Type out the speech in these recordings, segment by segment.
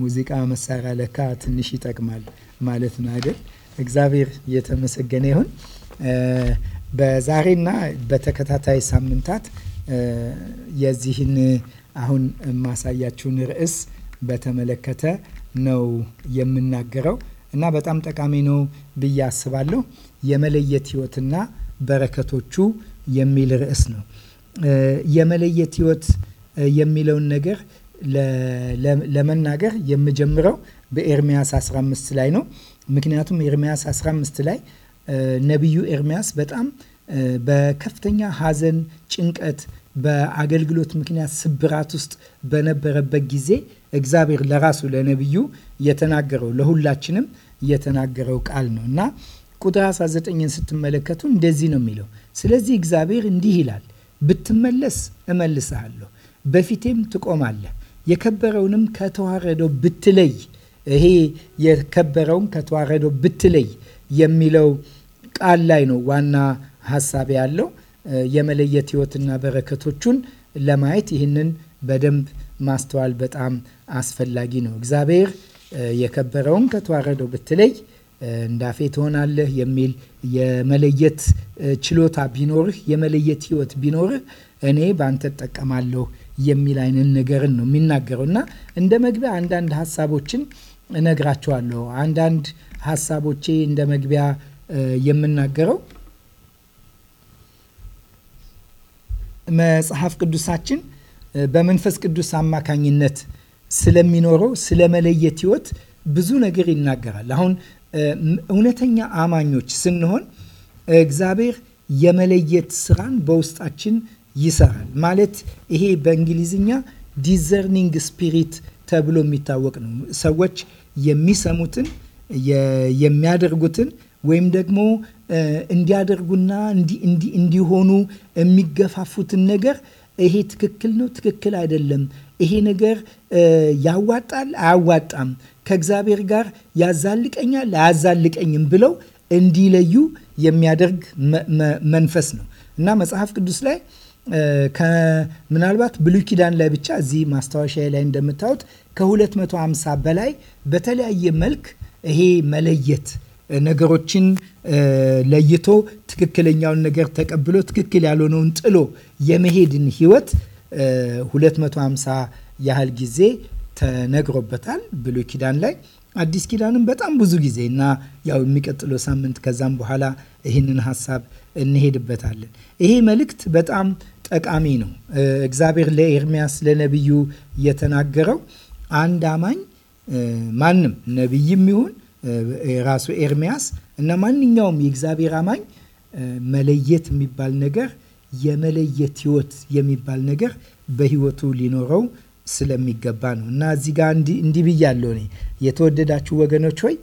ሙዚቃ መሳሪያ ለካ ትንሽ ይጠቅማል ማለት ነው አይደል? እግዚአብሔር እየተመሰገነ ይሁን። በዛሬና በተከታታይ ሳምንታት የዚህን አሁን የማሳያችሁን ርዕስ በተመለከተ ነው የምናገረው እና በጣም ጠቃሚ ነው ብዬ አስባለሁ። የመለየት ህይወትና በረከቶቹ የሚል ርዕስ ነው። የመለየት ህይወት የሚለውን ነገር ለመናገር የምጀምረው በኤርሚያስ 15 ላይ ነው። ምክንያቱም ኤርሚያስ 15 ላይ ነቢዩ ኤርሚያስ በጣም በከፍተኛ ሐዘን፣ ጭንቀት፣ በአገልግሎት ምክንያት ስብራት ውስጥ በነበረበት ጊዜ እግዚአብሔር ለራሱ ለነቢዩ የተናገረው ለሁላችንም የተናገረው ቃል ነው እና ቁጥር 19ን ስትመለከቱ እንደዚህ ነው የሚለው። ስለዚህ እግዚአብሔር እንዲህ ይላል፣ ብትመለስ እመልስሃለሁ፣ በፊቴም ትቆማለህ የከበረውንም ከተዋረደው ብትለይ ይሄ የከበረውን ከተዋረደው ብትለይ የሚለው ቃል ላይ ነው ዋና ሀሳብ ያለው የመለየት ህይወትና በረከቶቹን ለማየት ይህንን በደንብ ማስተዋል በጣም አስፈላጊ ነው። እግዚአብሔር የከበረውን ከተዋረደው ብትለይ እንዳፌ ትሆናለህ የሚል የመለየት ችሎታ ቢኖርህ፣ የመለየት ህይወት ቢኖርህ እኔ በአንተ እጠቀማለሁ የሚል አይነት ነገርን ነው የሚናገረው እና እንደ መግቢያ አንዳንድ ሀሳቦችን እነግራቸዋለሁ። አንዳንድ ሀሳቦቼ እንደ መግቢያ የምናገረው መጽሐፍ ቅዱሳችን በመንፈስ ቅዱስ አማካኝነት ስለሚኖረው ስለ መለየት ህይወት ብዙ ነገር ይናገራል። አሁን እውነተኛ አማኞች ስንሆን እግዚአብሔር የመለየት ስራን በውስጣችን ይሰራል ማለት ይሄ በእንግሊዝኛ ዲዘርኒንግ ስፒሪት ተብሎ የሚታወቅ ነው። ሰዎች የሚሰሙትን የሚያደርጉትን ወይም ደግሞ እንዲያደርጉና እንዲሆኑ የሚገፋፉትን ነገር ይሄ ትክክል ነው፣ ትክክል አይደለም፣ ይሄ ነገር ያዋጣል፣ አያዋጣም፣ ከእግዚአብሔር ጋር ያዛልቀኛል፣ አያዛልቀኝም ብለው እንዲለዩ የሚያደርግ መንፈስ ነው እና መጽሐፍ ቅዱስ ላይ ምናልባት ብሉይ ኪዳን ላይ ብቻ እዚህ ማስታወሻ ላይ እንደምታዩት ከ250 በላይ በተለያየ መልክ ይሄ መለየት ነገሮችን ለይቶ ትክክለኛውን ነገር ተቀብሎ ትክክል ያልሆነውን ጥሎ የመሄድን ህይወት 250 ያህል ጊዜ ተነግሮበታል ብሉይ ኪዳን ላይ። አዲስ ኪዳንም በጣም ብዙ ጊዜ እና ያው የሚቀጥለው ሳምንት ከዛም በኋላ ይህንን ሀሳብ እንሄድበታለን። ይሄ መልእክት በጣም ጠቃሚ ነው። እግዚአብሔር ለኤርሚያስ ለነቢዩ የተናገረው አንድ አማኝ ማንም ነቢይም ይሁን ራሱ ኤርሚያስ እና ማንኛውም የእግዚአብሔር አማኝ መለየት የሚባል ነገር የመለየት ህይወት የሚባል ነገር በህይወቱ ሊኖረው ስለሚገባ ነው እና እዚህ ጋር እንዲህ ብያለሁ እኔ የተወደዳችሁ ወገኖች ሆይ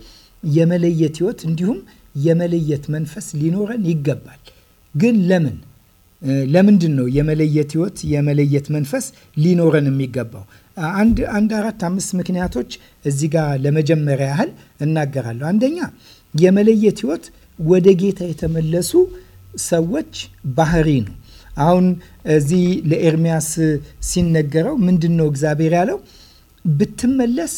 የመለየት ህይወት እንዲሁም የመለየት መንፈስ ሊኖረን ይገባል። ግን ለምን ለምንድን ነው የመለየት ህይወት የመለየት መንፈስ ሊኖረን የሚገባው? አንድ አንድ አራት አምስት ምክንያቶች እዚህ ጋር ለመጀመሪያ ያህል እናገራለሁ። አንደኛ የመለየት ህይወት ወደ ጌታ የተመለሱ ሰዎች ባህሪ ነው። አሁን እዚህ ለኤርሚያስ ሲነገረው ምንድን ነው እግዚአብሔር ያለው? ብትመለስ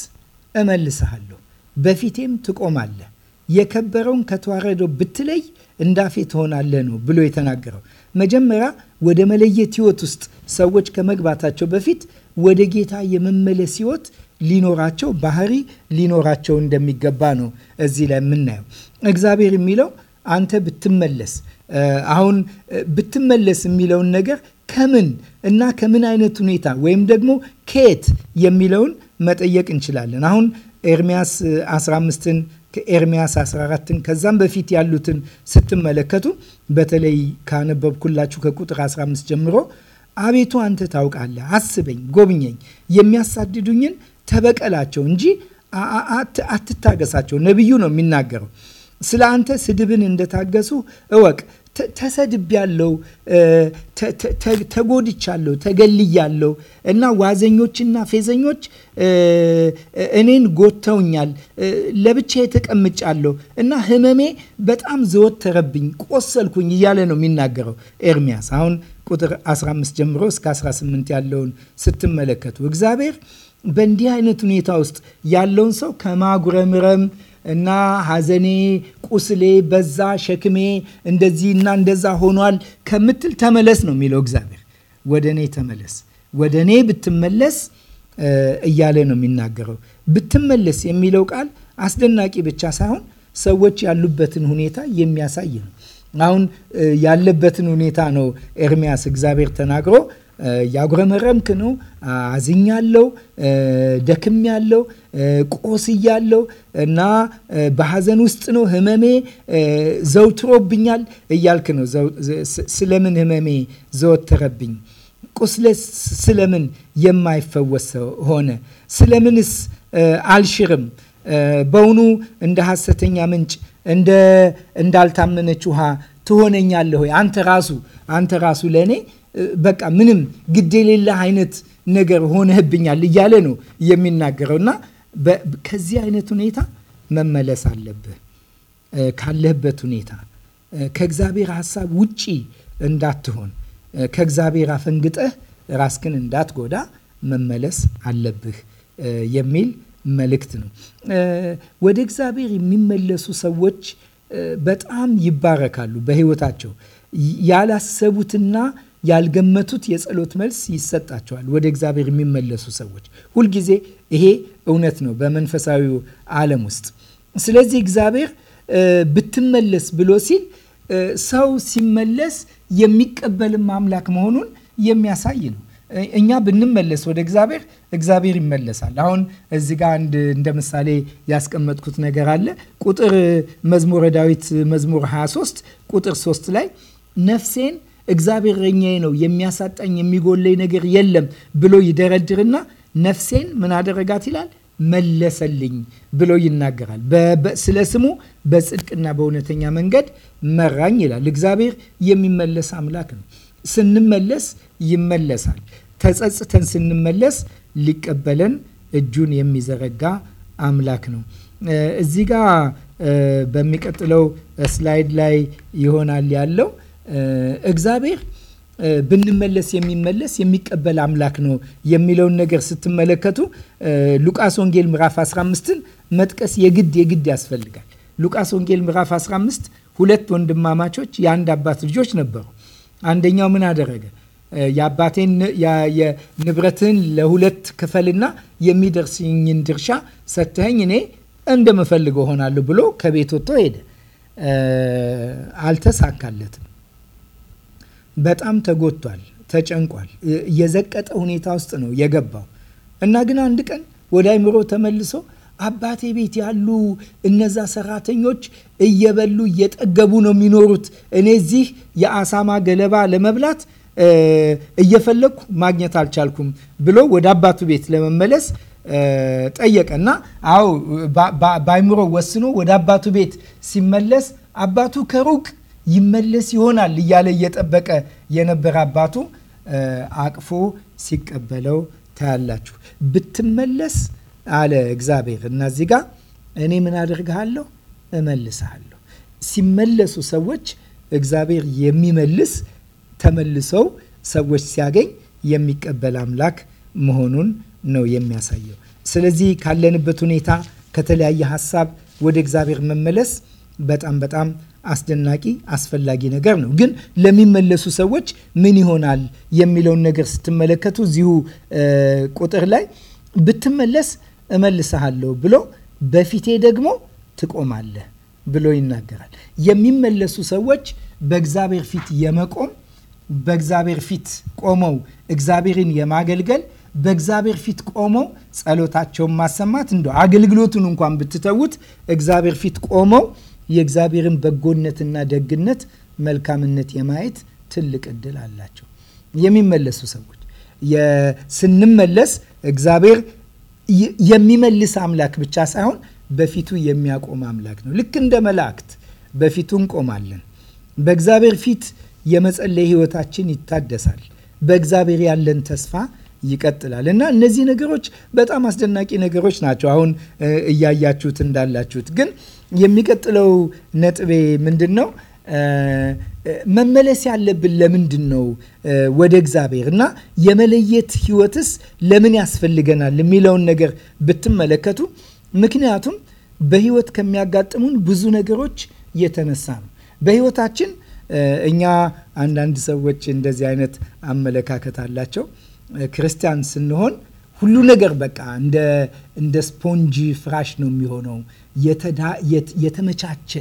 እመልስሃለሁ፣ በፊቴም ትቆማለህ፣ የከበረውን ከተዋረደው ብትለይ እንዳፌ ትሆናለህ ነው ብሎ የተናገረው። መጀመሪያ ወደ መለየት ህይወት ውስጥ ሰዎች ከመግባታቸው በፊት ወደ ጌታ የመመለስ ህይወት ሊኖራቸው ባህሪ ሊኖራቸው እንደሚገባ ነው እዚህ ላይ የምናየው። እግዚአብሔር የሚለው አንተ ብትመለስ አሁን ብትመለስ የሚለውን ነገር ከምን እና ከምን አይነት ሁኔታ ወይም ደግሞ ከየት የሚለውን መጠየቅ እንችላለን። አሁን ኤርሚያስ 15ን ከኤርሚያስ 14ን ከዛም በፊት ያሉትን ስትመለከቱ በተለይ ካነበብኩላችሁ ከቁጥር 15 ጀምሮ አቤቱ አንተ ታውቃለህ፣ አስበኝ፣ ጎብኘኝ፣ የሚያሳድዱኝን ተበቀላቸው እንጂ አትታገሳቸው። ነቢዩ ነው የሚናገረው። ስለ አንተ ስድብን እንደታገሱ እወቅ፣ ተሰድቤያለሁ፣ ተጎድቻለሁ፣ ተገልያለሁ እና ዋዘኞችና ፌዘኞች እኔን ጎተውኛል፣ ለብቻዬ ተቀምጫለሁ እና ህመሜ በጣም ዘወተረብኝ፣ ቆሰልኩኝ እያለ ነው የሚናገረው ኤርሚያስ። አሁን ቁጥር 15 ጀምሮ እስከ 18 ያለውን ስትመለከቱ እግዚአብሔር በእንዲህ አይነት ሁኔታ ውስጥ ያለውን ሰው ከማጉረምረም እና ሐዘኔ፣ ቁስሌ በዛ፣ ሸክሜ እንደዚህ እና እንደዛ ሆኗል ከምትል ተመለስ ነው የሚለው እግዚአብሔር። ወደ እኔ ተመለስ፣ ወደ እኔ ብትመለስ እያለ ነው የሚናገረው። ብትመለስ የሚለው ቃል አስደናቂ ብቻ ሳይሆን ሰዎች ያሉበትን ሁኔታ የሚያሳይ ነው። አሁን ያለበትን ሁኔታ ነው ኤርሚያስ እግዚአብሔር ተናግሮ ያጉረመረምክ ነው፣ አዝኛለሁ፣ ደክሜያለሁ፣ ቆስያለሁ እና በሐዘን ውስጥ ነው፣ ህመሜ ዘውትሮብኛል እያልክ ነው። ስለምን ህመሜ ዘወተረብኝ? ቁስሌስ ስለምን የማይፈወስ ሆነ? ስለምንስ አልሽርም? በውኑ እንደ ሐሰተኛ ምንጭ እንደ እንዳልታመነች ውሃ ትሆነኛለህ አንተ ራሱ አንተ ራሱ ለእኔ በቃ ምንም ግድ የሌለ አይነት ነገር ሆነህብኛል እያለ ነው የሚናገረው እና ከዚህ አይነት ሁኔታ መመለስ አለብህ። ካለህበት ሁኔታ ከእግዚአብሔር ሀሳብ ውጪ እንዳትሆን፣ ከእግዚአብሔር አፈንግጠህ ራስክን እንዳትጎዳ መመለስ አለብህ የሚል መልእክት ነው። ወደ እግዚአብሔር የሚመለሱ ሰዎች በጣም ይባረካሉ። በህይወታቸው ያላሰቡትና ያልገመቱት የጸሎት መልስ ይሰጣቸዋል። ወደ እግዚአብሔር የሚመለሱ ሰዎች ሁልጊዜ ይሄ እውነት ነው በመንፈሳዊው ዓለም ውስጥ። ስለዚህ እግዚአብሔር ብትመለስ ብሎ ሲል ሰው ሲመለስ የሚቀበልም አምላክ መሆኑን የሚያሳይ ነው። እኛ ብንመለስ ወደ እግዚአብሔር እግዚአብሔር ይመለሳል። አሁን እዚ ጋ አንድ እንደ ምሳሌ ያስቀመጥኩት ነገር አለ። ቁጥር መዝሙረ ዳዊት መዝሙር 23 ቁጥር 3 ላይ ነፍሴን እግዚአብሔር እረኛዬ ነው፣ የሚያሳጣኝ የሚጎለኝ ነገር የለም ብሎ ይደረድርና ነፍሴን ምን አደረጋት ይላል መለሰልኝ ብሎ ይናገራል። ስለ ስሙ በጽድቅና በእውነተኛ መንገድ መራኝ ይላል። እግዚአብሔር የሚመለስ አምላክ ነው። ስንመለስ ይመለሳል። ተጸጽተን ስንመለስ ሊቀበለን እጁን የሚዘረጋ አምላክ ነው። እዚህ ጋ በሚቀጥለው ስላይድ ላይ ይሆናል ያለው እግዚአብሔር ብንመለስ የሚመለስ የሚቀበል አምላክ ነው የሚለውን ነገር ስትመለከቱ ሉቃስ ወንጌል ምዕራፍ 15ን መጥቀስ የግድ የግድ ያስፈልጋል። ሉቃስ ወንጌል ምዕራፍ 15 ሁለት ወንድማማቾች የአንድ አባት ልጆች ነበሩ። አንደኛው ምን አደረገ? የአባቴን ንብረትን ለሁለት ክፈልና የሚደርስኝን ድርሻ ሰጥተኸኝ እኔ እንደምፈልገው ሆናለሁ ብሎ ከቤት ወጥቶ ሄደ። አልተሳካለትም። በጣም ተጎቷል ተጨንቋል። የዘቀጠ ሁኔታ ውስጥ ነው የገባው እና ግን አንድ ቀን ወደ አይምሮ ተመልሶ አባቴ ቤት ያሉ እነዛ ሰራተኞች እየበሉ እየጠገቡ ነው የሚኖሩት። እኔ እዚህ የአሳማ ገለባ ለመብላት እየፈለግኩ ማግኘት አልቻልኩም ብሎ ወደ አባቱ ቤት ለመመለስ ጠየቀ እና አዎ በአይምሮ ወስኖ ወደ አባቱ ቤት ሲመለስ አባቱ ከሩቅ ይመለስ ይሆናል እያለ እየጠበቀ የነበረ አባቱ አቅፎ ሲቀበለው ታያላችሁ። ብትመለስ አለ እግዚአብሔር እና እዚህ ጋ እኔ ምን አድርግሃለሁ? እመልስሃለሁ። ሲመለሱ ሰዎች እግዚአብሔር የሚመልስ ተመልሰው ሰዎች ሲያገኝ የሚቀበል አምላክ መሆኑን ነው የሚያሳየው። ስለዚህ ካለንበት ሁኔታ ከተለያየ ሀሳብ ወደ እግዚአብሔር መመለስ በጣም በጣም አስደናቂ አስፈላጊ ነገር ነው። ግን ለሚመለሱ ሰዎች ምን ይሆናል የሚለውን ነገር ስትመለከቱ እዚሁ ቁጥር ላይ ብትመለስ እመልስሃለሁ ብሎ በፊቴ ደግሞ ትቆማለህ ብሎ ይናገራል። የሚመለሱ ሰዎች በእግዚአብሔር ፊት የመቆም በእግዚአብሔር ፊት ቆመው እግዚአብሔርን የማገልገል በእግዚአብሔር ፊት ቆመው ጸሎታቸውን ማሰማት እንደ አገልግሎቱን እንኳን ብትተዉት እግዚአብሔር ፊት ቆመው የእግዚአብሔርን በጎነትና ደግነት፣ መልካምነት የማየት ትልቅ እድል አላቸው የሚመለሱ ሰዎች። ስንመለስ እግዚአብሔር የሚመልስ አምላክ ብቻ ሳይሆን በፊቱ የሚያቆም አምላክ ነው። ልክ እንደ መላእክት በፊቱ እንቆማለን። በእግዚአብሔር ፊት የመጸለይ ህይወታችን ይታደሳል። በእግዚአብሔር ያለን ተስፋ ይቀጥላል እና እነዚህ ነገሮች በጣም አስደናቂ ነገሮች ናቸው። አሁን እያያችሁት እንዳላችሁት ግን የሚቀጥለው ነጥቤ ምንድን ነው? መመለስ ያለብን ለምንድን ነው ወደ እግዚአብሔር እና የመለየት ህይወትስ ለምን ያስፈልገናል የሚለውን ነገር ብትመለከቱ፣ ምክንያቱም በህይወት ከሚያጋጥሙን ብዙ ነገሮች የተነሳ ነው። በህይወታችን እኛ አንዳንድ ሰዎች እንደዚህ አይነት አመለካከት አላቸው። ክርስቲያን ስንሆን ሁሉ ነገር በቃ እንደ ስፖንጂ ፍራሽ ነው የሚሆነው የተመቻቸ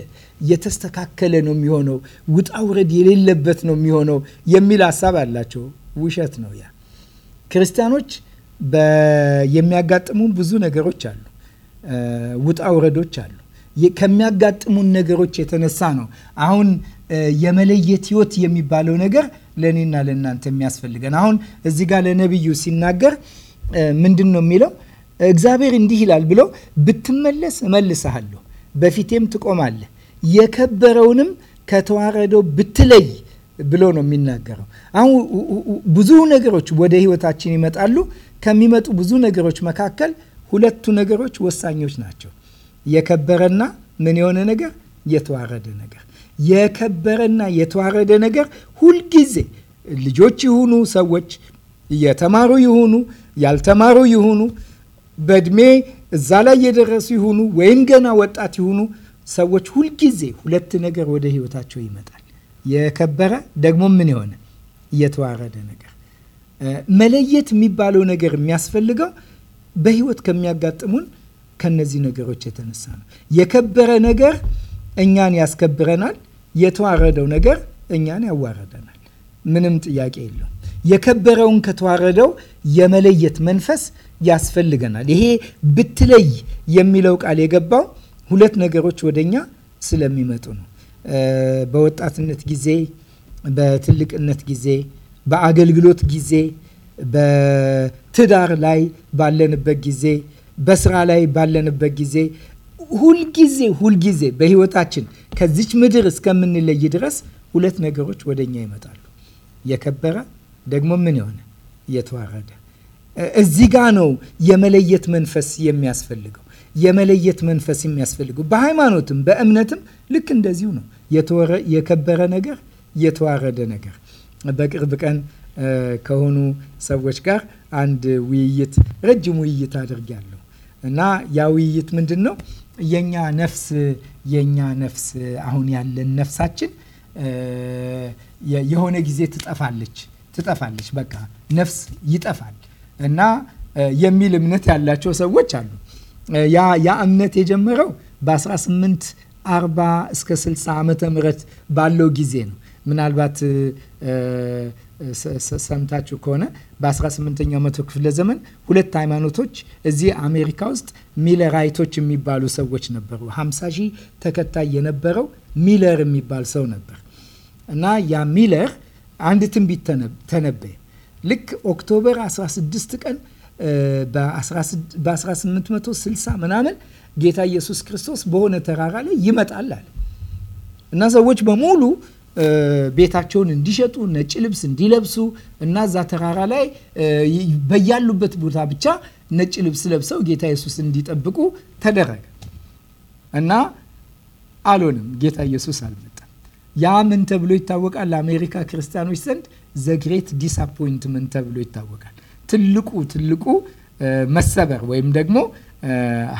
የተስተካከለ ነው የሚሆነው፣ ውጣ ውረድ የሌለበት ነው የሚሆነው የሚል ሀሳብ አላቸው። ውሸት ነው ያ። ክርስቲያኖች የሚያጋጥሙን ብዙ ነገሮች አሉ፣ ውጣ ውረዶች አሉ። ከሚያጋጥሙን ነገሮች የተነሳ ነው አሁን የመለየት ህይወት የሚባለው ነገር ለእኔና ለእናንተ የሚያስፈልገን። አሁን እዚህ ጋር ለነቢዩ ሲናገር ምንድን ነው የሚለው? እግዚአብሔር እንዲህ ይላል ብሎ ብትመለስ እመልስሃለሁ፣ በፊቴም ትቆማለህ፣ የከበረውንም ከተዋረደው ብትለይ ብሎ ነው የሚናገረው። አሁን ብዙ ነገሮች ወደ ህይወታችን ይመጣሉ። ከሚመጡ ብዙ ነገሮች መካከል ሁለቱ ነገሮች ወሳኞች ናቸው። የከበረና ምን የሆነ ነገር፣ የተዋረደ ነገር። የከበረና የተዋረደ ነገር ሁልጊዜ ልጆች ይሁኑ ሰዎች፣ የተማሩ ይሁኑ ያልተማሩ ይሁኑ በእድሜ እዛ ላይ የደረሱ ይሁኑ ወይም ገና ወጣት ይሁኑ ሰዎች ሁልጊዜ ሁለት ነገር ወደ ህይወታቸው ይመጣል። የከበረ ደግሞ ምን የሆነ እየተዋረደ ነገር። መለየት የሚባለው ነገር የሚያስፈልገው በህይወት ከሚያጋጥሙን ከነዚህ ነገሮች የተነሳ ነው። የከበረ ነገር እኛን ያስከብረናል፣ የተዋረደው ነገር እኛን ያዋረደናል። ምንም ጥያቄ የለውም። የከበረውን ከተዋረደው የመለየት መንፈስ ያስፈልገናል። ይሄ ብትለይ የሚለው ቃል የገባው ሁለት ነገሮች ወደኛ ስለሚመጡ ነው። በወጣትነት ጊዜ፣ በትልቅነት ጊዜ፣ በአገልግሎት ጊዜ፣ በትዳር ላይ ባለንበት ጊዜ፣ በስራ ላይ ባለንበት ጊዜ ሁልጊዜ ሁልጊዜ በህይወታችን ከዚች ምድር እስከምንለይ ድረስ ሁለት ነገሮች ወደኛ ይመጣሉ የከበረ ደግሞ ምን የሆነ የተዋረደ እዚህ ጋ ነው የመለየት መንፈስ የሚያስፈልገው የመለየት መንፈስ የሚያስፈልገው በሃይማኖትም በእምነትም ልክ እንደዚሁ ነው። የከበረ ነገር፣ የተዋረደ ነገር። በቅርብ ቀን ከሆኑ ሰዎች ጋር አንድ ውይይት ረጅም ውይይት አድርጊያለሁ እና ያ ውይይት ምንድን ነው የኛ ነፍስ የኛ ነፍስ አሁን ያለን ነፍሳችን የሆነ ጊዜ ትጠፋለች ትጠፋለች፣ በቃ ነፍስ ይጠፋል እና የሚል እምነት ያላቸው ሰዎች አሉ። ያ ያ እምነት የጀመረው በ1840 እስከ 60 ዓመተ ምህረት ባለው ጊዜ ነው። ምናልባት ሰምታችሁ ከሆነ በ18ኛው መቶ ክፍለ ዘመን ሁለት ሃይማኖቶች እዚህ አሜሪካ ውስጥ ሚለራይቶች የሚባሉ ሰዎች ነበሩ። 50 ሺህ ተከታይ የነበረው ሚለር የሚባል ሰው ነበር እና ያ ሚለር አንድ ትንቢት ተነበየ። ልክ ኦክቶበር 16 ቀን በ1860 ምናምን ጌታ ኢየሱስ ክርስቶስ በሆነ ተራራ ላይ ይመጣል አለ እና ሰዎች በሙሉ ቤታቸውን እንዲሸጡ ነጭ ልብስ እንዲለብሱ እና እዛ ተራራ ላይ በያሉበት ቦታ ብቻ ነጭ ልብስ ለብሰው ጌታ ኢየሱስ እንዲጠብቁ ተደረገ እና አልሆነም። ጌታ ኢየሱስ አልመጣም። ያ ምን ተብሎ ይታወቃል? ለአሜሪካ ክርስቲያኖች ዘንድ ዘግሬት ዲስአፖይንትመንት ተብሎ ይታወቃል። ትልቁ ትልቁ መሰበር ወይም ደግሞ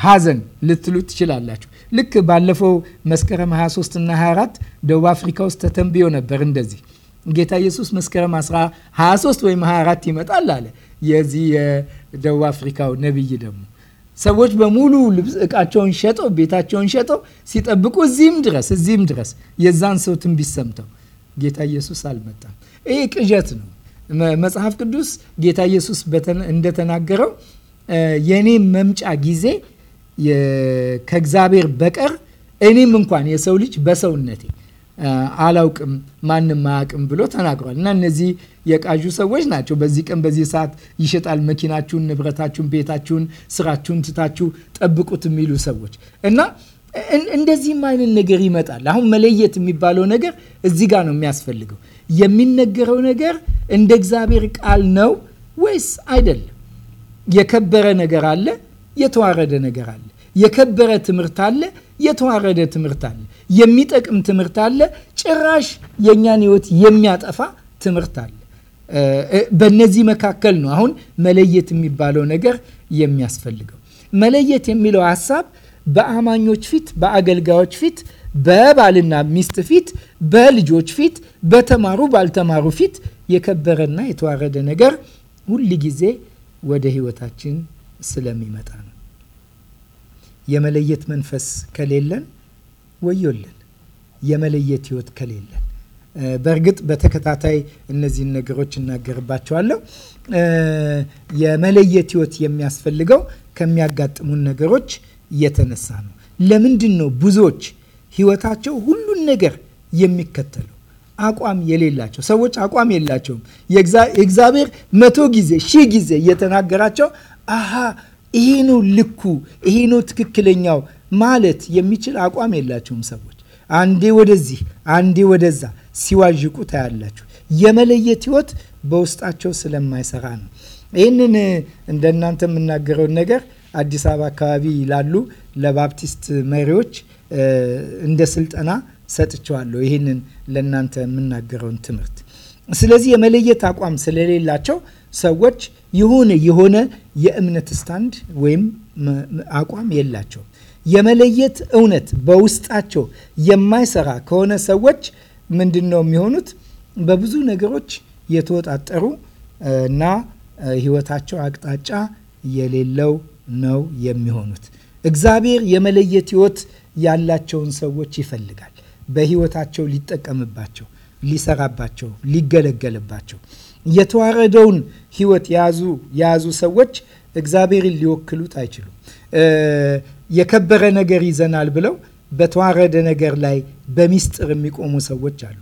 ሀዘን ልትሉ ትችላላችሁ። ልክ ባለፈው መስከረም 23 እና 24 ደቡብ አፍሪካ ውስጥ ተተንብዮ ነበር። እንደዚህ ጌታ ኢየሱስ መስከረም 23 ወይም 24 ይመጣል አለ። የዚህ የደቡብ አፍሪካው ነቢይ ደግሞ ሰዎች በሙሉ ልብስ እቃቸውን ሸጠው ቤታቸውን ሸጠው ሲጠብቁ እዚህም ድረስ እዚህም ድረስ የዛን ሰው ትንቢት ሰምተው ጌታ ኢየሱስ አልመጣም። ይህ ቅዠት ነው። መጽሐፍ ቅዱስ ጌታ ኢየሱስ እንደተናገረው የእኔ መምጫ ጊዜ ከእግዚአብሔር በቀር እኔም እንኳን የሰው ልጅ በሰውነቴ አላውቅም፣ ማንም አያውቅም ብሎ ተናግሯል። እና እነዚህ የቃዡ ሰዎች ናቸው። በዚህ ቀን በዚህ ሰዓት ይሸጣል መኪናችሁን፣ ንብረታችሁን፣ ቤታችሁን፣ ስራችሁን ትታችሁ ጠብቁት የሚሉ ሰዎች እና እንደዚህም አይነት ነገር ይመጣል። አሁን መለየት የሚባለው ነገር እዚህ ጋር ነው የሚያስፈልገው። የሚነገረው ነገር እንደ እግዚአብሔር ቃል ነው ወይስ አይደለም? የከበረ ነገር አለ፣ የተዋረደ ነገር አለ። የከበረ ትምህርት አለ፣ የተዋረደ ትምህርት አለ። የሚጠቅም ትምህርት አለ። ጭራሽ የእኛን ህይወት የሚያጠፋ ትምህርት አለ። በእነዚህ መካከል ነው አሁን መለየት የሚባለው ነገር የሚያስፈልገው። መለየት የሚለው ሀሳብ በአማኞች ፊት፣ በአገልጋዮች ፊት፣ በባልና ሚስት ፊት፣ በልጆች ፊት፣ በተማሩ ባልተማሩ ፊት የከበረና የተዋረደ ነገር ሁል ጊዜ ወደ ህይወታችን ስለሚመጣ ነው። የመለየት መንፈስ ከሌለን ወዮልን የመለየት ህይወት ከሌለን። በእርግጥ በተከታታይ እነዚህን ነገሮች እናገርባቸዋለሁ። የመለየት ህይወት የሚያስፈልገው ከሚያጋጥሙን ነገሮች የተነሳ ነው። ለምንድን ነው ብዙዎች ህይወታቸው ሁሉን ነገር የሚከተሉ አቋም የሌላቸው ሰዎች? አቋም የላቸውም። እግዚአብሔር መቶ ጊዜ ሺህ ጊዜ እየተናገራቸው አሃ ይሄ ነው ልኩ፣ ይሄ ነው ትክክለኛው ማለት የሚችል አቋም የላቸውም ሰዎች። አንዴ ወደዚህ አንዴ ወደዛ ሲዋዥቁ ታያላችሁ። የመለየት ህይወት በውስጣቸው ስለማይሰራ ነው። ይህንን እንደናንተ የምናገረውን ነገር አዲስ አበባ አካባቢ ላሉ ለባፕቲስት መሪዎች እንደ ስልጠና ሰጥቸዋለሁ። ይህንን ለእናንተ የምናገረውን ትምህርት። ስለዚህ የመለየት አቋም ስለሌላቸው ሰዎች የሆነ የሆነ የእምነት ስታንድ ወይም አቋም የላቸው። የመለየት እውነት በውስጣቸው የማይሰራ ከሆነ ሰዎች ምንድን ነው የሚሆኑት? በብዙ ነገሮች የተወጣጠሩ እና ህይወታቸው አቅጣጫ የሌለው ነው የሚሆኑት። እግዚአብሔር የመለየት ህይወት ያላቸውን ሰዎች ይፈልጋል። በህይወታቸው ሊጠቀምባቸው፣ ሊሰራባቸው፣ ሊገለገልባቸው የተዋረደውን ህይወት የያዙ ሰዎች እግዚአብሔርን ሊወክሉት አይችሉም። የከበረ ነገር ይዘናል ብለው በተዋረደ ነገር ላይ በሚስጥር የሚቆሙ ሰዎች አሉ።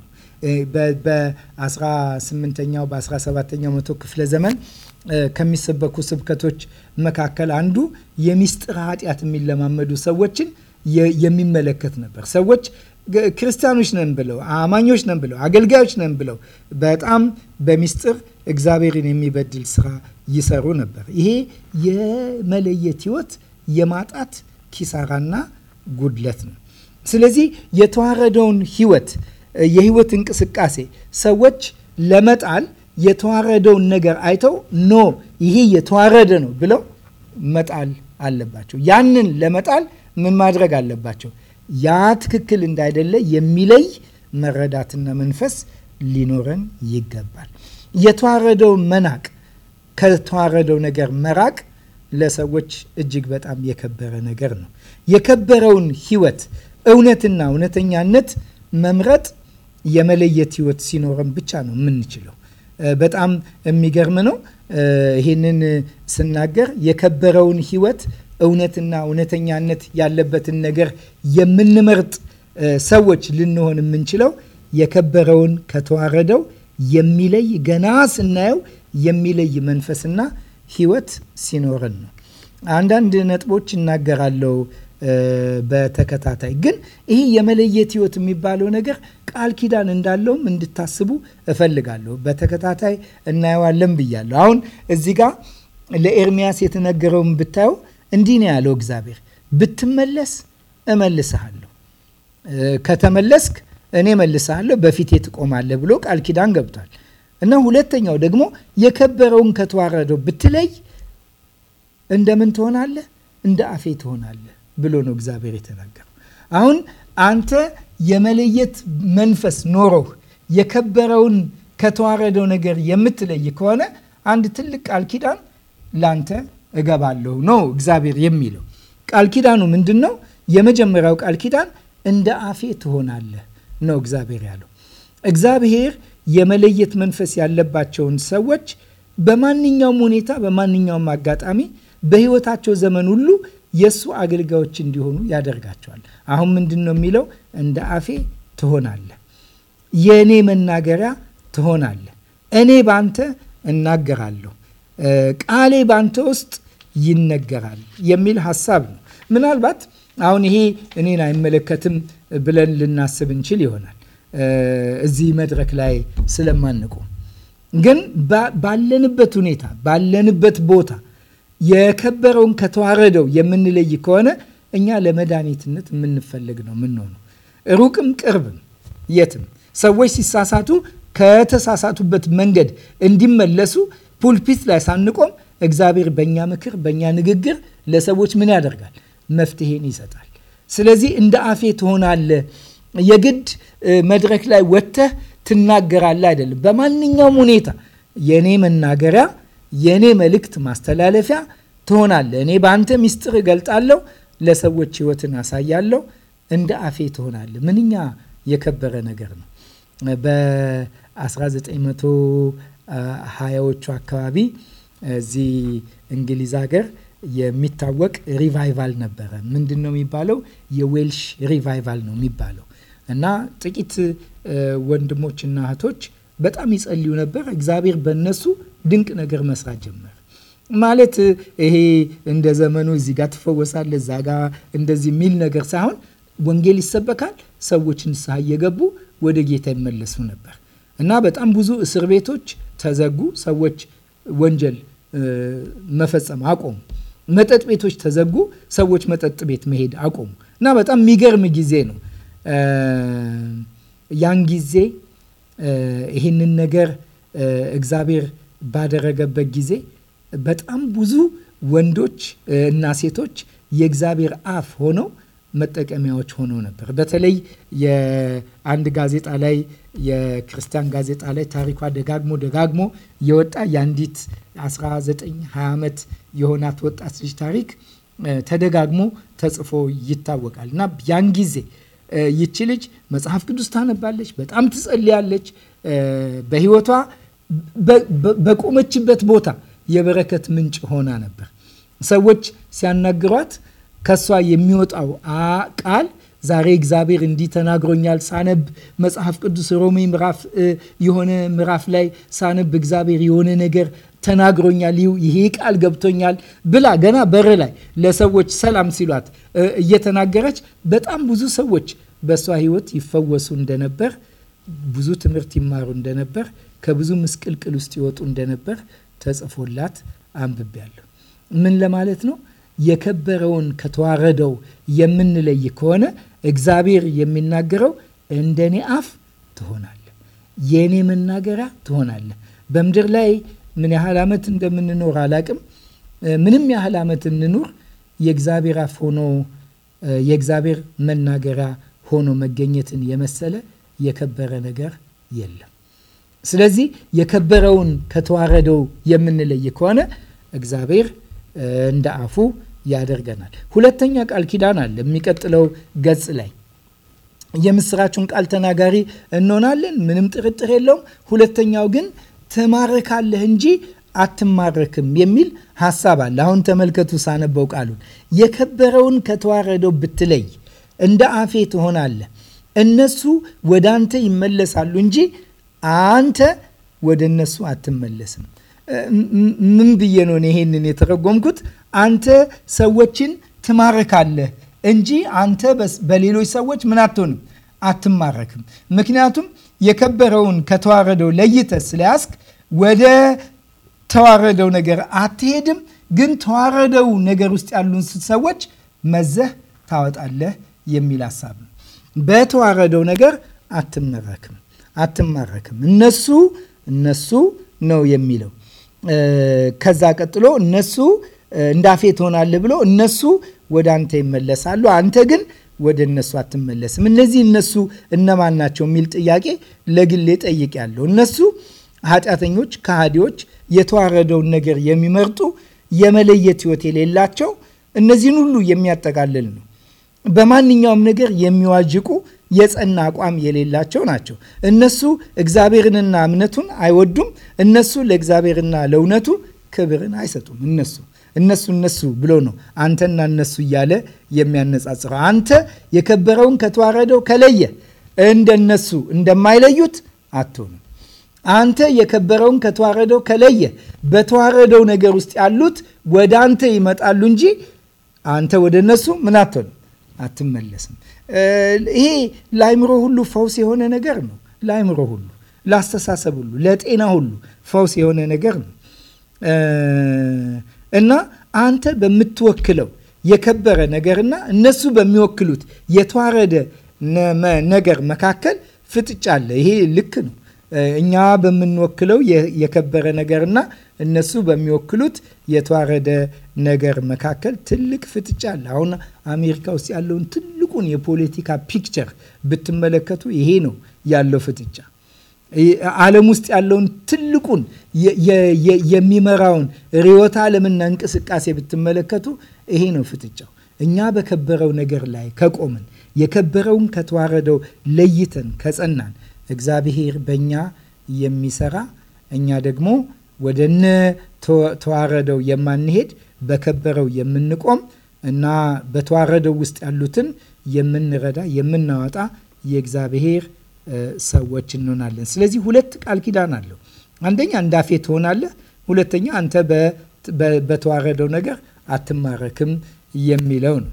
በ18ኛው በ17ኛው መቶ ክፍለ ዘመን ከሚሰበኩ ስብከቶች መካከል አንዱ የሚስጥር ኃጢአት የሚለማመዱ ሰዎችን የሚመለከት ነበር። ሰዎች ክርስቲያኖች ነን ብለው አማኞች ነን ብለው አገልጋዮች ነን ብለው በጣም በሚስጥር እግዚአብሔርን የሚበድል ስራ ይሰሩ ነበር። ይሄ የመለየት ህይወት የማጣት ኪሳራና ጉድለት ነው። ስለዚህ የተዋረደውን ህይወት የህይወት እንቅስቃሴ ሰዎች ለመጣል የተዋረደውን ነገር አይተው ኖ ይሄ የተዋረደ ነው ብለው መጣል አለባቸው። ያንን ለመጣል ምን ማድረግ አለባቸው? ያ ትክክል እንዳይደለ የሚለይ መረዳትና መንፈስ ሊኖረን ይገባል። የተዋረደው መናቅ ከተዋረደው ነገር መራቅ ለሰዎች እጅግ በጣም የከበረ ነገር ነው። የከበረውን ህይወት እውነትና እውነተኛነት መምረጥ የመለየት ህይወት ሲኖረን ብቻ ነው የምንችለው። በጣም የሚገርም ነው። ይህንን ስናገር የከበረውን ህይወት እውነትና እውነተኛነት ያለበትን ነገር የምንመርጥ ሰዎች ልንሆን የምንችለው የከበረውን ከተዋረደው የሚለይ ገና ስናየው የሚለይ መንፈስና ህይወት ሲኖርን ነው። አንዳንድ ነጥቦች እናገራለሁ በተከታታይ ግን ይህ የመለየት ህይወት የሚባለው ነገር ቃል ኪዳን እንዳለውም እንድታስቡ እፈልጋለሁ። በተከታታይ እናየዋለን ብያለሁ። አሁን እዚህ ጋ ለኤርሚያስ የተነገረውን ብታየው እንዲህ ነው ያለው እግዚአብሔር ብትመለስ እመልስሃለሁ፣ ከተመለስክ እኔ መልስሃለሁ፣ በፊቴ ትቆማለህ ብሎ ቃል ኪዳን ገብቷል። እና ሁለተኛው ደግሞ የከበረውን ከተዋረደው ብትለይ እንደምን ትሆናለህ? እንደ አፌ ትሆናለህ ብሎ ነው እግዚአብሔር የተናገረው። አሁን አንተ የመለየት መንፈስ ኖሮህ የከበረውን ከተዋረደው ነገር የምትለይ ከሆነ አንድ ትልቅ ቃል ኪዳን ላንተ እገባለሁ ነው እግዚአብሔር የሚለው። ቃል ኪዳኑ ምንድን ነው? የመጀመሪያው ቃል ኪዳን እንደ አፌ ትሆናለህ ነው እግዚአብሔር ያለው። እግዚአብሔር የመለየት መንፈስ ያለባቸውን ሰዎች በማንኛውም ሁኔታ በማንኛውም አጋጣሚ በህይወታቸው ዘመን ሁሉ የእሱ አገልጋዮች እንዲሆኑ ያደርጋቸዋል። አሁን ምንድን ነው የሚለው? እንደ አፌ ትሆናለህ፣ የእኔ መናገሪያ ትሆናለህ። እኔ ባንተ እናገራለሁ፣ ቃሌ ባንተ ውስጥ ይነገራል የሚል ሀሳብ ነው። ምናልባት አሁን ይሄ እኔን አይመለከትም ብለን ልናስብ እንችል ይሆናል እዚህ መድረክ ላይ ስለማንቆም ግን ባለንበት ሁኔታ ባለንበት ቦታ የከበረውን ከተዋረደው የምንለይ ከሆነ እኛ ለመድኃኒትነት የምንፈልግ ነው የምንሆነው። ሩቅም ቅርብም የትም ሰዎች ሲሳሳቱ ከተሳሳቱበት መንገድ እንዲመለሱ ፑልፒት ላይ ሳንቆም እግዚአብሔር በእኛ ምክር፣ በእኛ ንግግር ለሰዎች ምን ያደርጋል? መፍትሄን ይሰጣል። ስለዚህ እንደ አፌ ትሆናለህ የግድ መድረክ ላይ ወጥተህ ትናገራለህ አይደለም። በማንኛውም ሁኔታ የእኔ መናገሪያ የእኔ መልእክት ማስተላለፊያ ትሆናለህ። እኔ በአንተ ሚስጥር እገልጣለሁ፣ ለሰዎች ህይወትን አሳያለሁ፣ እንደ አፌ ትሆናለህ። ምንኛ የከበረ ነገር ነው። 1920 ሀያዎቹ አካባቢ እዚህ እንግሊዝ ሀገር የሚታወቅ ሪቫይቫል ነበረ። ምንድን ነው የሚባለው? የዌልሽ ሪቫይቫል ነው የሚባለው እና ጥቂት ወንድሞችና እህቶች በጣም ይጸልዩ ነበር። እግዚአብሔር በእነሱ ድንቅ ነገር መስራት ጀመር። ማለት ይሄ እንደ ዘመኑ እዚህ ጋር ትፈወሳለ፣ እዛ ጋ እንደዚህ የሚል ነገር ሳይሆን ወንጌል ይሰበካል፣ ሰዎች ንስሐ እየገቡ ወደ ጌታ ይመለሱ ነበር እና በጣም ብዙ እስር ቤቶች ተዘጉ። ሰዎች ወንጀል መፈጸም አቆሙ። መጠጥ ቤቶች ተዘጉ። ሰዎች መጠጥ ቤት መሄድ አቆሙ እና በጣም የሚገርም ጊዜ ነው። ያን ጊዜ ይህንን ነገር እግዚአብሔር ባደረገበት ጊዜ በጣም ብዙ ወንዶች እና ሴቶች የእግዚአብሔር አፍ ሆነው መጠቀሚያዎች ሆነው ነበር። በተለይ የአንድ ጋዜጣ ላይ የክርስቲያን ጋዜጣ ላይ ታሪኳ ደጋግሞ ደጋግሞ የወጣ የአንዲት 19 20 ዓመት የሆናት ወጣት ልጅ ታሪክ ተደጋግሞ ተጽፎ ይታወቃል እና ያን ጊዜ ይቺ ልጅ መጽሐፍ ቅዱስ ታነባለች፣ በጣም ትጸልያለች። በህይወቷ በቆመችበት ቦታ የበረከት ምንጭ ሆና ነበር። ሰዎች ሲያናግሯት ከሷ የሚወጣው ቃል ዛሬ እግዚአብሔር እንዲህ ተናግሮኛል። ሳነብ መጽሐፍ ቅዱስ ሮሜ ምዕራፍ የሆነ ምዕራፍ ላይ ሳነብ እግዚአብሔር የሆነ ነገር ተናግሮኛል፣ ይሄ ቃል ገብቶኛል ብላ ገና በር ላይ ለሰዎች ሰላም ሲሏት እየተናገረች በጣም ብዙ ሰዎች በእሷ ህይወት ይፈወሱ እንደነበር፣ ብዙ ትምህርት ይማሩ እንደነበር፣ ከብዙ ምስቅልቅል ውስጥ ይወጡ እንደነበር ተጽፎላት አንብቤያለሁ። ምን ለማለት ነው? የከበረውን ከተዋረደው የምንለይ ከሆነ እግዚአብሔር የሚናገረው እንደኔ አፍ ትሆናለህ፣ የእኔ መናገሪያ ትሆናለህ። በምድር ላይ ምን ያህል ዓመት እንደምንኖር አላቅም። ምንም ያህል ዓመት እንኑር የእግዚአብሔር አፍ ሆኖ የእግዚአብሔር መናገሪያ ሆኖ መገኘትን የመሰለ የከበረ ነገር የለም። ስለዚህ የከበረውን ከተዋረደው የምንለይ ከሆነ እግዚአብሔር እንደ አፉ ያደርገናል። ሁለተኛ ቃል ኪዳን አለ። የሚቀጥለው ገጽ ላይ የምስራቹን ቃል ተናጋሪ እንሆናለን፣ ምንም ጥርጥር የለውም። ሁለተኛው ግን ትማርካለህ እንጂ አትማረክም የሚል ሀሳብ አለ። አሁን ተመልከቱ ሳነበው ቃሉን የከበረውን ከተዋረደው ብትለይ እንደ አፌ ትሆናለህ። እነሱ ወደ አንተ ይመለሳሉ እንጂ አንተ ወደ እነሱ አትመለስም። ምን ብዬ ነው ይሄንን የተረጎምኩት? አንተ ሰዎችን ትማርካለህ እንጂ አንተ በሌሎች ሰዎች ምን አትሆንም፣ አትማረክም። ምክንያቱም የከበረውን ከተዋረደው ለይተ ስለያስክ ወደ ተዋረደው ነገር አትሄድም። ግን ተዋረደው ነገር ውስጥ ያሉን ሰዎች መዘህ ታወጣለህ የሚል ሀሳብ ነው። በተዋረደው ነገር አትመረክም አትማረክም። እነሱ እነሱ ነው የሚለው። ከዛ ቀጥሎ እነሱ እንዳፌ ትሆናለህ ብሎ እነሱ ወደ አንተ ይመለሳሉ። አንተ ግን ወደ እነሱ አትመለስም። እነዚህ እነሱ እነማን ናቸው የሚል ጥያቄ ለግሌ ጠይቅ ያለው እነሱ ኃጢአተኞች፣ ከሃዲዎች፣ የተዋረደውን ነገር የሚመርጡ የመለየት ህይወት የሌላቸው እነዚህን ሁሉ የሚያጠቃልል ነው። በማንኛውም ነገር የሚዋጅቁ የጸና አቋም የሌላቸው ናቸው። እነሱ እግዚአብሔርንና እምነቱን አይወዱም። እነሱ ለእግዚአብሔርና ለእውነቱ ክብርን አይሰጡም። እነሱ እነሱ እነሱ ብሎ ነው አንተና እነሱ እያለ የሚያነጻጽረው። አንተ የከበረውን ከተዋረደው ከለየ እንደነሱ እንደማይለዩት አትሆኑ። አንተ የከበረውን ከተዋረደው ከለየ በተዋረደው ነገር ውስጥ ያሉት ወደ አንተ ይመጣሉ እንጂ አንተ ወደ እነሱ ምን አትሆኑ አትመለስም። ይሄ ለአይምሮ ሁሉ ፈውስ የሆነ ነገር ነው። ለአይምሮ ሁሉ፣ ለአስተሳሰብ ሁሉ፣ ለጤና ሁሉ ፈውስ የሆነ ነገር ነው። እና አንተ በምትወክለው የከበረ ነገርና እነሱ በሚወክሉት የተዋረደ ነገር መካከል ፍጥጫ አለ። ይሄ ልክ ነው። እኛ በምንወክለው የከበረ ነገርና እነሱ በሚወክሉት የተዋረደ ነገር መካከል ትልቅ ፍጥጫ አለ። አሁን አሜሪካ ውስጥ ያለውን ትልቁን የፖለቲካ ፒክቸር ብትመለከቱ ይሄ ነው ያለው ፍጥጫ። ዓለም ውስጥ ያለውን ትልቁን የሚመራውን ርዕዮተ ዓለምና እንቅስቃሴ ብትመለከቱ ይሄ ነው ፍጥጫው። እኛ በከበረው ነገር ላይ ከቆምን፣ የከበረውን ከተዋረደው ለይተን ከጸናን፣ እግዚአብሔር በእኛ የሚሰራ እኛ ደግሞ ወደነ ተዋረደው የማንሄድ በከበረው የምንቆም እና በተዋረደው ውስጥ ያሉትን የምንረዳ የምናወጣ የእግዚአብሔር ሰዎች እንሆናለን። ስለዚህ ሁለት ቃል ኪዳን አለው። አንደኛ እንዳፌ ትሆናለህ፣ ሁለተኛ አንተ በተዋረደው ነገር አትማረክም የሚለው ነው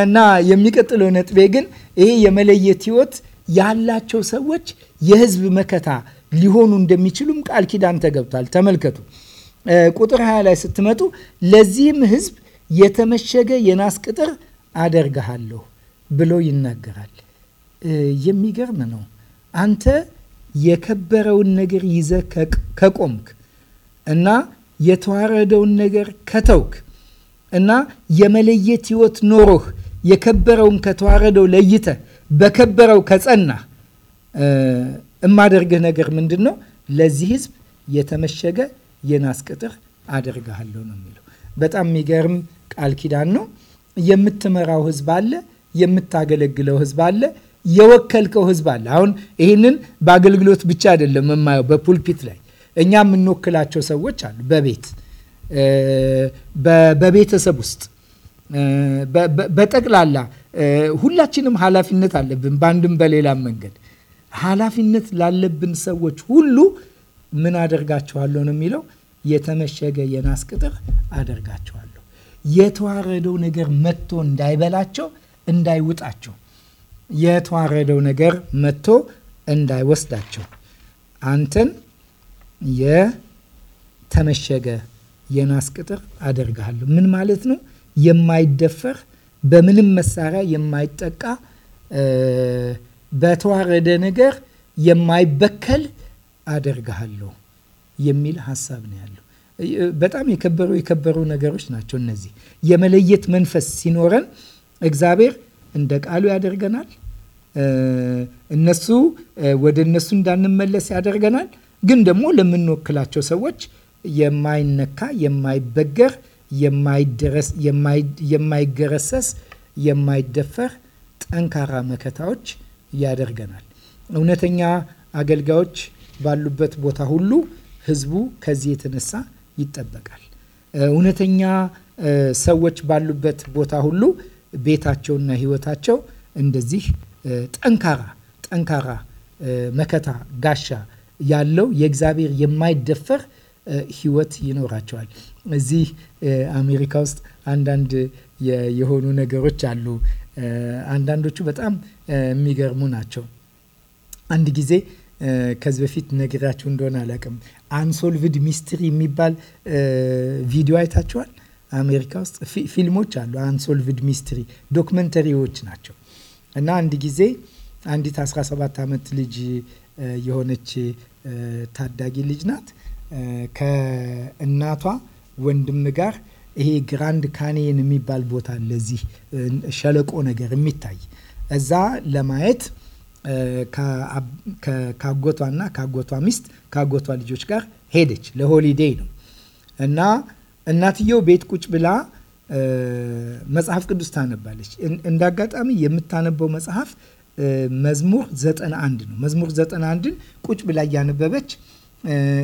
እና የሚቀጥለው ነጥቤ ግን ይሄ የመለየት ህይወት ያላቸው ሰዎች የህዝብ መከታ ሊሆኑ እንደሚችሉም ቃል ኪዳን ተገብቷል። ተመልከቱ ቁጥር 20 ላይ ስትመጡ ለዚህም ህዝብ የተመሸገ የናስ ቅጥር አደርግሃለሁ ብሎ ይናገራል። የሚገርም ነው። አንተ የከበረውን ነገር ይዘ ከቆምክ እና የተዋረደውን ነገር ከተውክ እና የመለየት ህይወት ኖሮህ የከበረውን ከተዋረደው ለይተ በከበረው ከጸና እማደርግህ ነገር ምንድን ነው? ለዚህ ህዝብ የተመሸገ የናስ ቅጥር አደርግሃለሁ ነው የሚለው። በጣም የሚገርም ቃል ኪዳን ነው። የምትመራው ህዝብ አለ፣ የምታገለግለው ህዝብ አለ የወከልከው ህዝብ አለ። አሁን ይህንን በአገልግሎት ብቻ አይደለም የማየው፣ በፑልፒት ላይ እኛ የምንወክላቸው ሰዎች አሉ። በቤት በቤተሰብ ውስጥ በጠቅላላ ሁላችንም ኃላፊነት አለብን። በአንድም በሌላም መንገድ ኃላፊነት ላለብን ሰዎች ሁሉ ምን አደርጋችኋለሁ ነው የሚለው የተመሸገ የናስ ቅጥር አደርጋቸዋለሁ። የተዋረደው ነገር መጥቶ እንዳይበላቸው እንዳይውጣቸው የተዋረደው ነገር መጥቶ እንዳይወስዳቸው አንተን የተመሸገ የናስ ቅጥር አደርግሃለሁ። ምን ማለት ነው? የማይደፈር በምንም መሳሪያ የማይጠቃ በተዋረደ ነገር የማይበከል አደርግሃለሁ የሚል ሀሳብ ነው ያለው። በጣም የከበሩ የከበሩ ነገሮች ናቸው እነዚህ። የመለየት መንፈስ ሲኖረን እግዚአብሔር እንደ ቃሉ ያደርገናል። እነሱ ወደ እነሱ እንዳንመለስ ያደርገናል። ግን ደግሞ ለምንወክላቸው ሰዎች የማይነካ የማይበገር የማይገረሰስ የማይደፈር ጠንካራ መከታዎች ያደርገናል። እውነተኛ አገልጋዮች ባሉበት ቦታ ሁሉ ህዝቡ ከዚህ የተነሳ ይጠበቃል። እውነተኛ ሰዎች ባሉበት ቦታ ሁሉ ቤታቸውና ህይወታቸው እንደዚህ ጠንካራ ጠንካራ መከታ ጋሻ ያለው የእግዚአብሔር የማይደፈር ህይወት ይኖራቸዋል። እዚህ አሜሪካ ውስጥ አንዳንድ የሆኑ ነገሮች አሉ። አንዳንዶቹ በጣም የሚገርሙ ናቸው። አንድ ጊዜ ከዚህ በፊት ነግራችሁ እንደሆነ አላውቅም፣ አንሶልቭድ ሚስትሪ የሚባል ቪዲዮ አይታችኋል? አሜሪካ ውስጥ ፊልሞች አሉ። አንሶልቭድ ሚስትሪ ዶክመንተሪዎች ናቸው እና አንድ ጊዜ አንዲት 17 ዓመት ልጅ የሆነች ታዳጊ ልጅ ናት ከእናቷ ወንድም ጋር ይሄ ግራንድ ካኔን የሚባል ቦታ ለዚህ ሸለቆ ነገር የሚታይ እዛ ለማየት ካጎቷና ካጎቷ ሚስት ካጎቷ ልጆች ጋር ሄደች። ለሆሊዴይ ነው እና እናትየው ቤት ቁጭ ብላ መጽሐፍ ቅዱስ ታነባለች። እንደ አጋጣሚ የምታነበው መጽሐፍ መዝሙር ዘጠና አንድ ነው። መዝሙር ዘጠና አንድን ቁጭ ብላ እያነበበች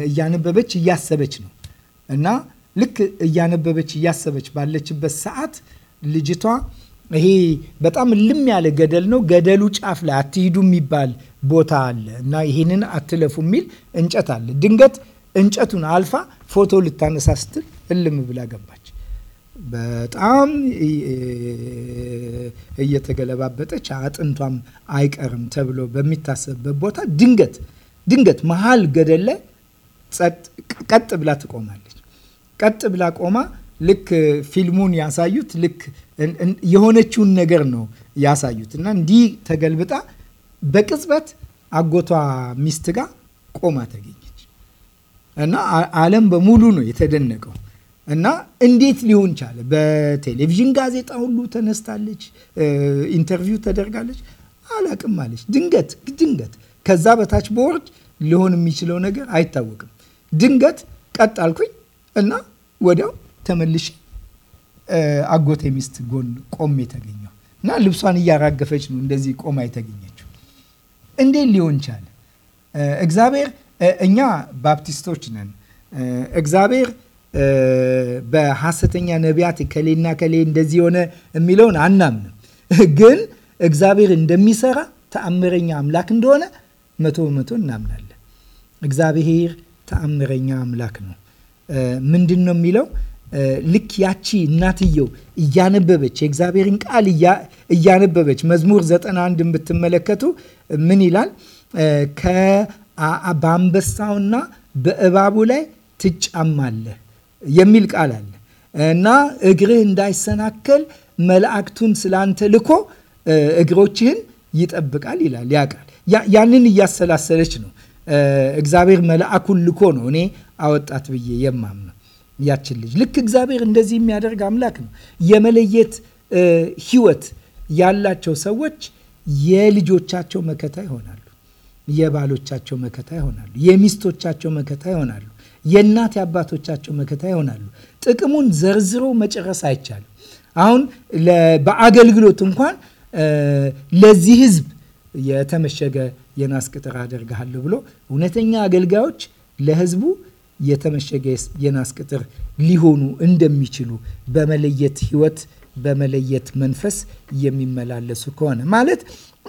እያነበበች እያሰበች ነው እና ልክ እያነበበች እያሰበች ባለችበት ሰዓት ልጅቷ ይሄ በጣም ልም ያለ ገደል ነው። ገደሉ ጫፍ ላይ አትሂዱ የሚባል ቦታ አለ እና ይህንን አትለፉ የሚል እንጨት አለ። ድንገት እንጨቱን አልፋ ፎቶ ልታነሳ ስትል እልም ብላ ገባች። በጣም እየተገለባበጠች አጥንቷም አይቀርም ተብሎ በሚታሰብበት ቦታ ድንገት ድንገት መሀል ገደል ላይ ቀጥ ብላ ትቆማለች። ቀጥ ብላ ቆማ ልክ ፊልሙን ያሳዩት ልክ የሆነችውን ነገር ነው ያሳዩት እና እንዲህ ተገልብጣ በቅጽበት አጎቷ ሚስት ጋር ቆማ ተገኘች እና ዓለም በሙሉ ነው የተደነቀው። እና እንዴት ሊሆን ቻለ? በቴሌቪዥን ጋዜጣ ሁሉ ተነስታለች፣ ኢንተርቪው ተደርጋለች። አላቅም አለች። ድንገት ድንገት ከዛ በታች ቦርድ ሊሆን የሚችለው ነገር አይታወቅም። ድንገት ቀጥ አልኩኝ እና ወዲያው ተመልሼ አጎቴ ሚስት ጎን ቆም የተገኘው እና ልብሷን እያራገፈች ነው እንደዚህ ቆማ የተገኘችው። እንዴት ሊሆን ቻለ? እግዚአብሔር እኛ ባፕቲስቶች ነን። እግዚአብሔር በሐሰተኛ ነቢያት ከሌና ከሌ እንደዚህ የሆነ የሚለውን አናምንም። ግን እግዚአብሔር እንደሚሰራ ተአምረኛ አምላክ እንደሆነ መቶ በመቶ እናምናለን። እግዚአብሔር ተአምረኛ አምላክ ነው። ምንድን ነው የሚለው? ልክ ያቺ እናትየው እያነበበች የእግዚአብሔርን ቃል እያነበበች መዝሙር ዘጠና አንድን ብትመለከቱ ምን ይላል? በአንበሳውና በእባቡ ላይ ትጫማለህ የሚል ቃል አለ እና እግርህ እንዳይሰናከል መላእክቱን ስላንተ ልኮ እግሮችህን ይጠብቃል ይላል ያ ቃል። ያንን እያሰላሰለች ነው እግዚአብሔር መልአኩን ልኮ ነው እኔ አወጣት ብዬ የማምነው ያችን ልጅ። ልክ እግዚአብሔር እንደዚህ የሚያደርግ አምላክ ነው። የመለየት ህይወት ያላቸው ሰዎች የልጆቻቸው መከታ ይሆናሉ። የባሎቻቸው መከታ ይሆናሉ። የሚስቶቻቸው መከታ ይሆናሉ። የእናት የአባቶቻቸው መከታ ይሆናሉ። ጥቅሙን ዘርዝሮ መጨረስ አይቻልም። አሁን በአገልግሎት እንኳን ለዚህ ህዝብ የተመሸገ የናስ ቅጥር አደርግሃለሁ ብሎ እውነተኛ አገልጋዮች ለህዝቡ የተመሸገ የናስ ቅጥር ሊሆኑ እንደሚችሉ በመለየት ህይወት በመለየት መንፈስ የሚመላለሱ ከሆነ ማለት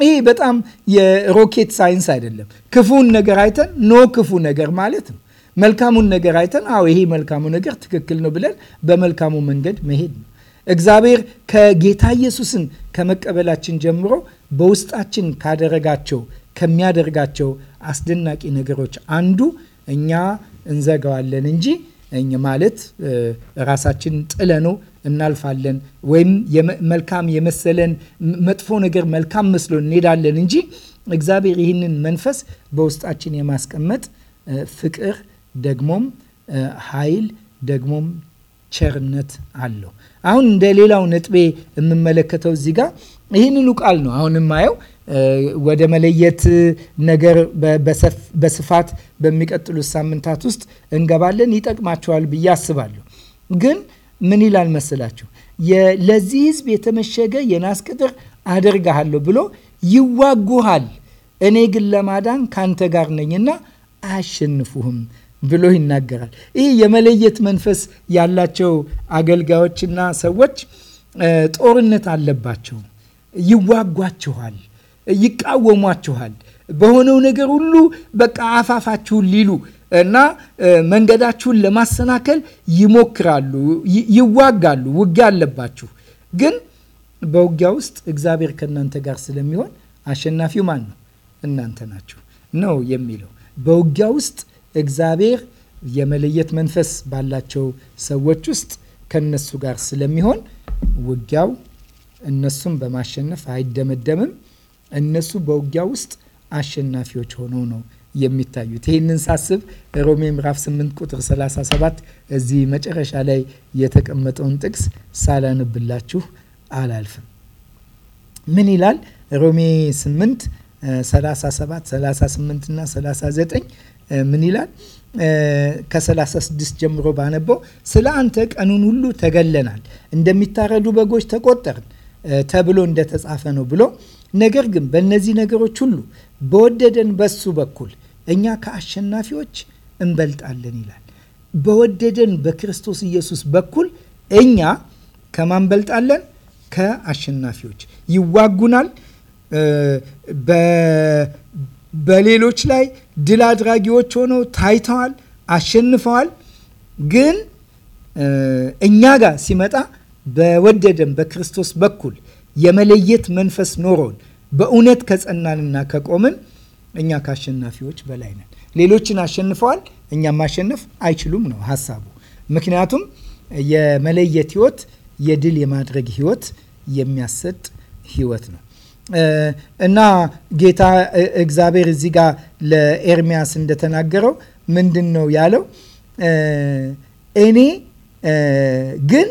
ይሄ በጣም የሮኬት ሳይንስ አይደለም። ክፉን ነገር አይተን ኖ ክፉ ነገር ማለት ነው። መልካሙን ነገር አይተን አዎ ይሄ መልካሙ ነገር ትክክል ነው ብለን በመልካሙ መንገድ መሄድ ነው። እግዚአብሔር ከጌታ ኢየሱስን ከመቀበላችን ጀምሮ በውስጣችን ካደረጋቸው ከሚያደርጋቸው አስደናቂ ነገሮች አንዱ እኛ እንዘጋዋለን እንጂ እኛ ማለት ራሳችን ጥለነው እናልፋለን ወይም መልካም የመሰለን መጥፎ ነገር መልካም መስሎ እንሄዳለን እንጂ እግዚአብሔር ይህንን መንፈስ በውስጣችን የማስቀመጥ ፍቅር ደግሞም ኃይል ደግሞም ቸርነት አለው። አሁን እንደ ሌላው ነጥቤ የምመለከተው እዚህ ጋር ይህንኑ ቃል ነው። አሁን የማየው ወደ መለየት ነገር በስፋት በሚቀጥሉት ሳምንታት ውስጥ እንገባለን። ይጠቅማቸዋል ብዬ አስባለሁ። ግን ምን ይላል መሰላችሁ? ለዚህ ሕዝብ የተመሸገ የናስ ቅጥር አደርግሃለሁ ብሎ ይዋጉሃል፣ እኔ ግን ለማዳን ካንተ ጋር ነኝና አያሸንፉህም ብሎ ይናገራል። ይህ የመለየት መንፈስ ያላቸው አገልጋዮችና ሰዎች ጦርነት አለባቸው። ይዋጓችኋል፣ ይቃወሟችኋል። በሆነው ነገር ሁሉ በቃ አፋፋችሁን ሊሉ እና መንገዳችሁን ለማሰናከል ይሞክራሉ፣ ይዋጋሉ። ውጊያ አለባችሁ። ግን በውጊያ ውስጥ እግዚአብሔር ከእናንተ ጋር ስለሚሆን አሸናፊው ማን ነው? እናንተ ናችሁ ነው የሚለው በውጊያ ውስጥ እግዚአብሔር የመለየት መንፈስ ባላቸው ሰዎች ውስጥ ከነሱ ጋር ስለሚሆን ውጊያው እነሱን በማሸነፍ አይደመደምም። እነሱ በውጊያ ውስጥ አሸናፊዎች ሆነው ነው የሚታዩት። ይህንን ሳስብ ሮሜ ምዕራፍ 8 ቁጥር 37 እዚህ መጨረሻ ላይ የተቀመጠውን ጥቅስ ሳላንብላችሁ አላልፍም። ምን ይላል? ሮሜ 8 37፣ 38 እና 39 ምን ይላል? ከ36 ጀምሮ ባነበው ስለ አንተ ቀኑን ሁሉ ተገለናል፣ እንደሚታረዱ በጎች ተቆጠርን ተብሎ እንደተጻፈ ነው ብሎ ነገር ግን በእነዚህ ነገሮች ሁሉ በወደደን በሱ በኩል እኛ ከአሸናፊዎች እንበልጣለን ይላል። በወደደን በክርስቶስ ኢየሱስ በኩል እኛ ከማንበልጣለን ከአሸናፊዎች ይዋጉናል በሌሎች ላይ ድል አድራጊዎች ሆነው ታይተዋል፣ አሸንፈዋል። ግን እኛ ጋር ሲመጣ በወደደን በክርስቶስ በኩል የመለየት መንፈስ ኖሮን በእውነት ከጸናንና ከቆምን እኛ ከአሸናፊዎች በላይ ነን። ሌሎችን አሸንፈዋል፣ እኛም ማሸነፍ አይችሉም ነው ሀሳቡ። ምክንያቱም የመለየት ህይወት የድል የማድረግ ህይወት የሚያሰጥ ህይወት ነው። እና ጌታ እግዚአብሔር እዚህ ጋር ለኤርሚያስ እንደተናገረው ምንድን ነው ያለው? እኔ ግን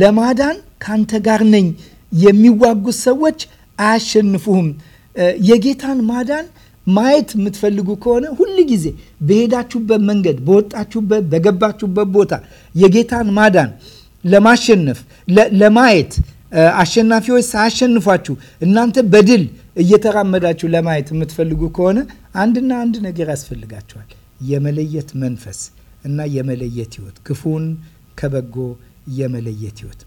ለማዳን ካንተ ጋር ነኝ፣ የሚዋጉት ሰዎች አያሸንፉህም። የጌታን ማዳን ማየት የምትፈልጉ ከሆነ ሁል ጊዜ በሄዳችሁበት መንገድ፣ በወጣችሁበት፣ በገባችሁበት ቦታ የጌታን ማዳን ለማሸነፍ ለማየት አሸናፊዎች ሳያሸንፏችሁ እናንተ በድል እየተራመዳችሁ ለማየት የምትፈልጉ ከሆነ አንድና አንድ ነገር ያስፈልጋችኋል። የመለየት መንፈስ እና የመለየት ህይወት፣ ክፉን ከበጎ የመለየት ህይወት።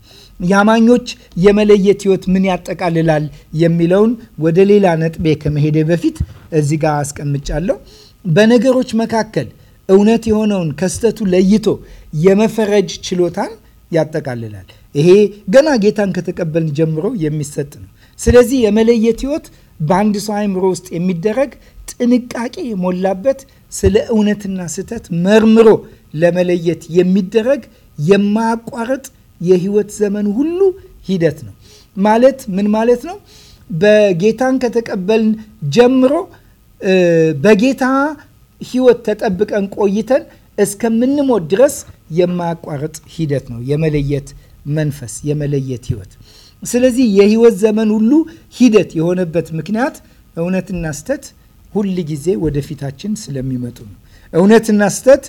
የአማኞች የመለየት ህይወት ምን ያጠቃልላል የሚለውን ወደ ሌላ ነጥቤ ከመሄዴ በፊት እዚህ ጋር አስቀምጫለሁ። በነገሮች መካከል እውነት የሆነውን ከስተቱ ለይቶ የመፈረጅ ችሎታን ያጠቃልላል። ይሄ ገና ጌታን ከተቀበልን ጀምሮ የሚሰጥ ነው። ስለዚህ የመለየት ህይወት በአንድ ሰው አይምሮ ውስጥ የሚደረግ ጥንቃቄ የሞላበት ስለ እውነትና ስህተት መርምሮ ለመለየት የሚደረግ የማያቋርጥ የህይወት ዘመን ሁሉ ሂደት ነው። ማለት ምን ማለት ነው? በጌታን ከተቀበልን ጀምሮ በጌታ ህይወት ተጠብቀን ቆይተን እስከምንሞት ድረስ የማያቋርጥ ሂደት ነው የመለየት መንፈስ የመለየት ህይወት። ስለዚህ የህይወት ዘመን ሁሉ ሂደት የሆነበት ምክንያት እውነትና ስተት ሁል ጊዜ ወደፊታችን ስለሚመጡ ነው። እውነትና ስተት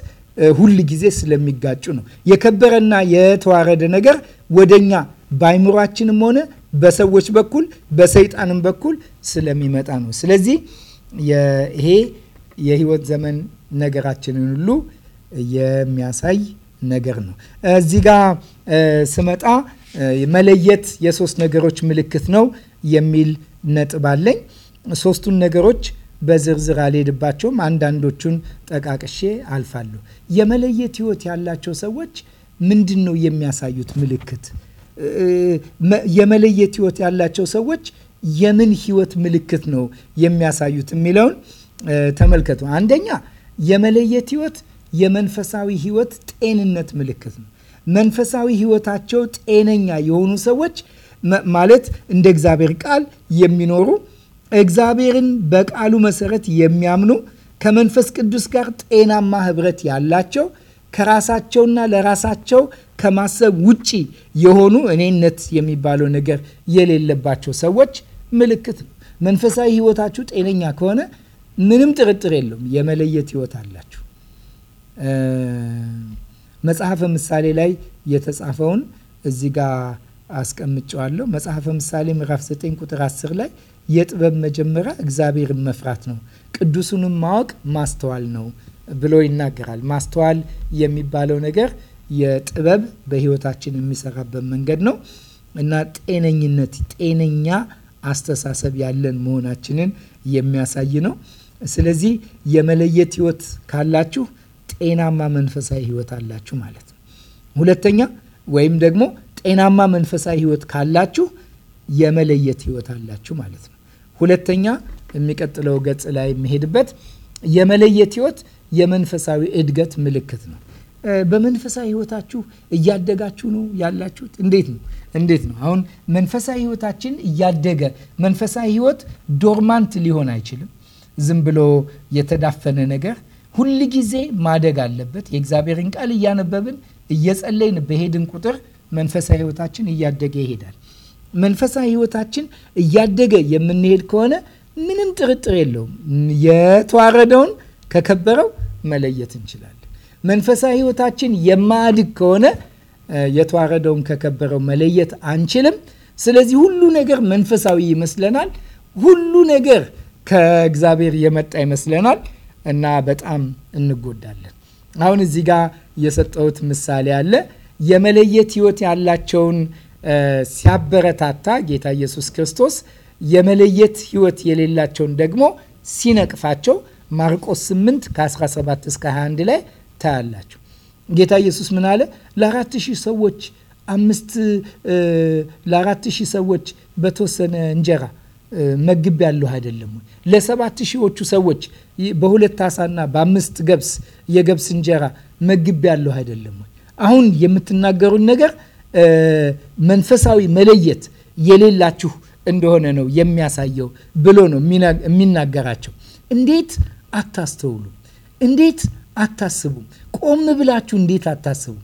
ሁል ጊዜ ስለሚጋጩ ነው። የከበረና የተዋረደ ነገር ወደኛ በአይምሯችንም ሆነ በሰዎች በኩል በሰይጣንም በኩል ስለሚመጣ ነው። ስለዚህ ይሄ የህይወት ዘመን ነገራችንን ሁሉ የሚያሳይ ነገር ነው። እዚህ ጋር ስመጣ መለየት የሶስት ነገሮች ምልክት ነው የሚል ነጥብ አለኝ። ሶስቱን ነገሮች በዝርዝር አልሄድባቸውም። አንዳንዶቹን ጠቃቅሼ አልፋለሁ። የመለየት ህይወት ያላቸው ሰዎች ምንድን ነው የሚያሳዩት ምልክት? የመለየት ህይወት ያላቸው ሰዎች የምን ህይወት ምልክት ነው የሚያሳዩት የሚለውን ተመልከቱ። አንደኛ የመለየት ህይወት የመንፈሳዊ ህይወት ጤንነት ምልክት ነው። መንፈሳዊ ህይወታቸው ጤነኛ የሆኑ ሰዎች ማለት እንደ እግዚአብሔር ቃል የሚኖሩ እግዚአብሔርን በቃሉ መሰረት የሚያምኑ ከመንፈስ ቅዱስ ጋር ጤናማ ህብረት ያላቸው ከራሳቸውና ለራሳቸው ከማሰብ ውጪ የሆኑ እኔነት የሚባለው ነገር የሌለባቸው ሰዎች ምልክት ነው። መንፈሳዊ ህይወታችሁ ጤነኛ ከሆነ ምንም ጥርጥር የለውም የመለየት ህይወት አላችሁ። መጽሐፈ ምሳሌ ላይ የተጻፈውን እዚ ጋ አስቀምጨዋለሁ። መጽሐፈ ምሳሌ ምዕራፍ 9 ቁጥር 10 ላይ የጥበብ መጀመሪያ እግዚአብሔርን መፍራት ነው፣ ቅዱሱንም ማወቅ ማስተዋል ነው ብሎ ይናገራል። ማስተዋል የሚባለው ነገር የጥበብ በህይወታችን የሚሰራበት መንገድ ነው እና ጤነኝነት፣ ጤነኛ አስተሳሰብ ያለን መሆናችንን የሚያሳይ ነው። ስለዚህ የመለየት ህይወት ካላችሁ ጤናማ መንፈሳዊ ህይወት አላችሁ ማለት ነው። ሁለተኛ ወይም ደግሞ ጤናማ መንፈሳዊ ህይወት ካላችሁ የመለየት ህይወት አላችሁ ማለት ነው። ሁለተኛ የሚቀጥለው ገጽ ላይ የሚሄድበት የመለየት ህይወት የመንፈሳዊ እድገት ምልክት ነው። በመንፈሳዊ ህይወታችሁ እያደጋችሁ ነው ያላችሁት? እንዴት ነው እንዴት ነው? አሁን መንፈሳዊ ህይወታችን እያደገ መንፈሳዊ ህይወት ዶርማንት ሊሆን አይችልም። ዝም ብሎ የተዳፈነ ነገር ሁል ጊዜ ማደግ አለበት። የእግዚአብሔርን ቃል እያነበብን እየጸለይን በሄድን ቁጥር መንፈሳዊ ህይወታችን እያደገ ይሄዳል። መንፈሳዊ ህይወታችን እያደገ የምንሄድ ከሆነ ምንም ጥርጥር የለውም የተዋረደውን ከከበረው መለየት እንችላለን። መንፈሳዊ ህይወታችን የማያድግ ከሆነ የተዋረደውን ከከበረው መለየት አንችልም። ስለዚህ ሁሉ ነገር መንፈሳዊ ይመስለናል። ሁሉ ነገር ከእግዚአብሔር የመጣ ይመስለናል። እና በጣም እንጎዳለን። አሁን እዚህ ጋር የሰጠሁት ምሳሌ አለ። የመለየት ህይወት ያላቸውን ሲያበረታታ ጌታ ኢየሱስ ክርስቶስ የመለየት ህይወት የሌላቸውን ደግሞ ሲነቅፋቸው ማርቆስ 8 ከ17 እስከ 21 ላይ ታያላችሁ። ጌታ ኢየሱስ ምን አለ? ለአራት ሺህ ሰዎች አምስት ለአራት ሺህ ሰዎች በተወሰነ እንጀራ መግብ ያለሁ አይደለም ወይ? ለሰባት ሺዎቹ ሰዎች በሁለት አሳና በአምስት ገብስ የገብስ እንጀራ መግብ ያለሁ አይደለም ወይ? አሁን የምትናገሩን ነገር መንፈሳዊ መለየት የሌላችሁ እንደሆነ ነው የሚያሳየው ብሎ ነው የሚናገራቸው። እንዴት አታስተውሉም? እንዴት አታስቡም? ቆም ብላችሁ እንዴት አታስቡም?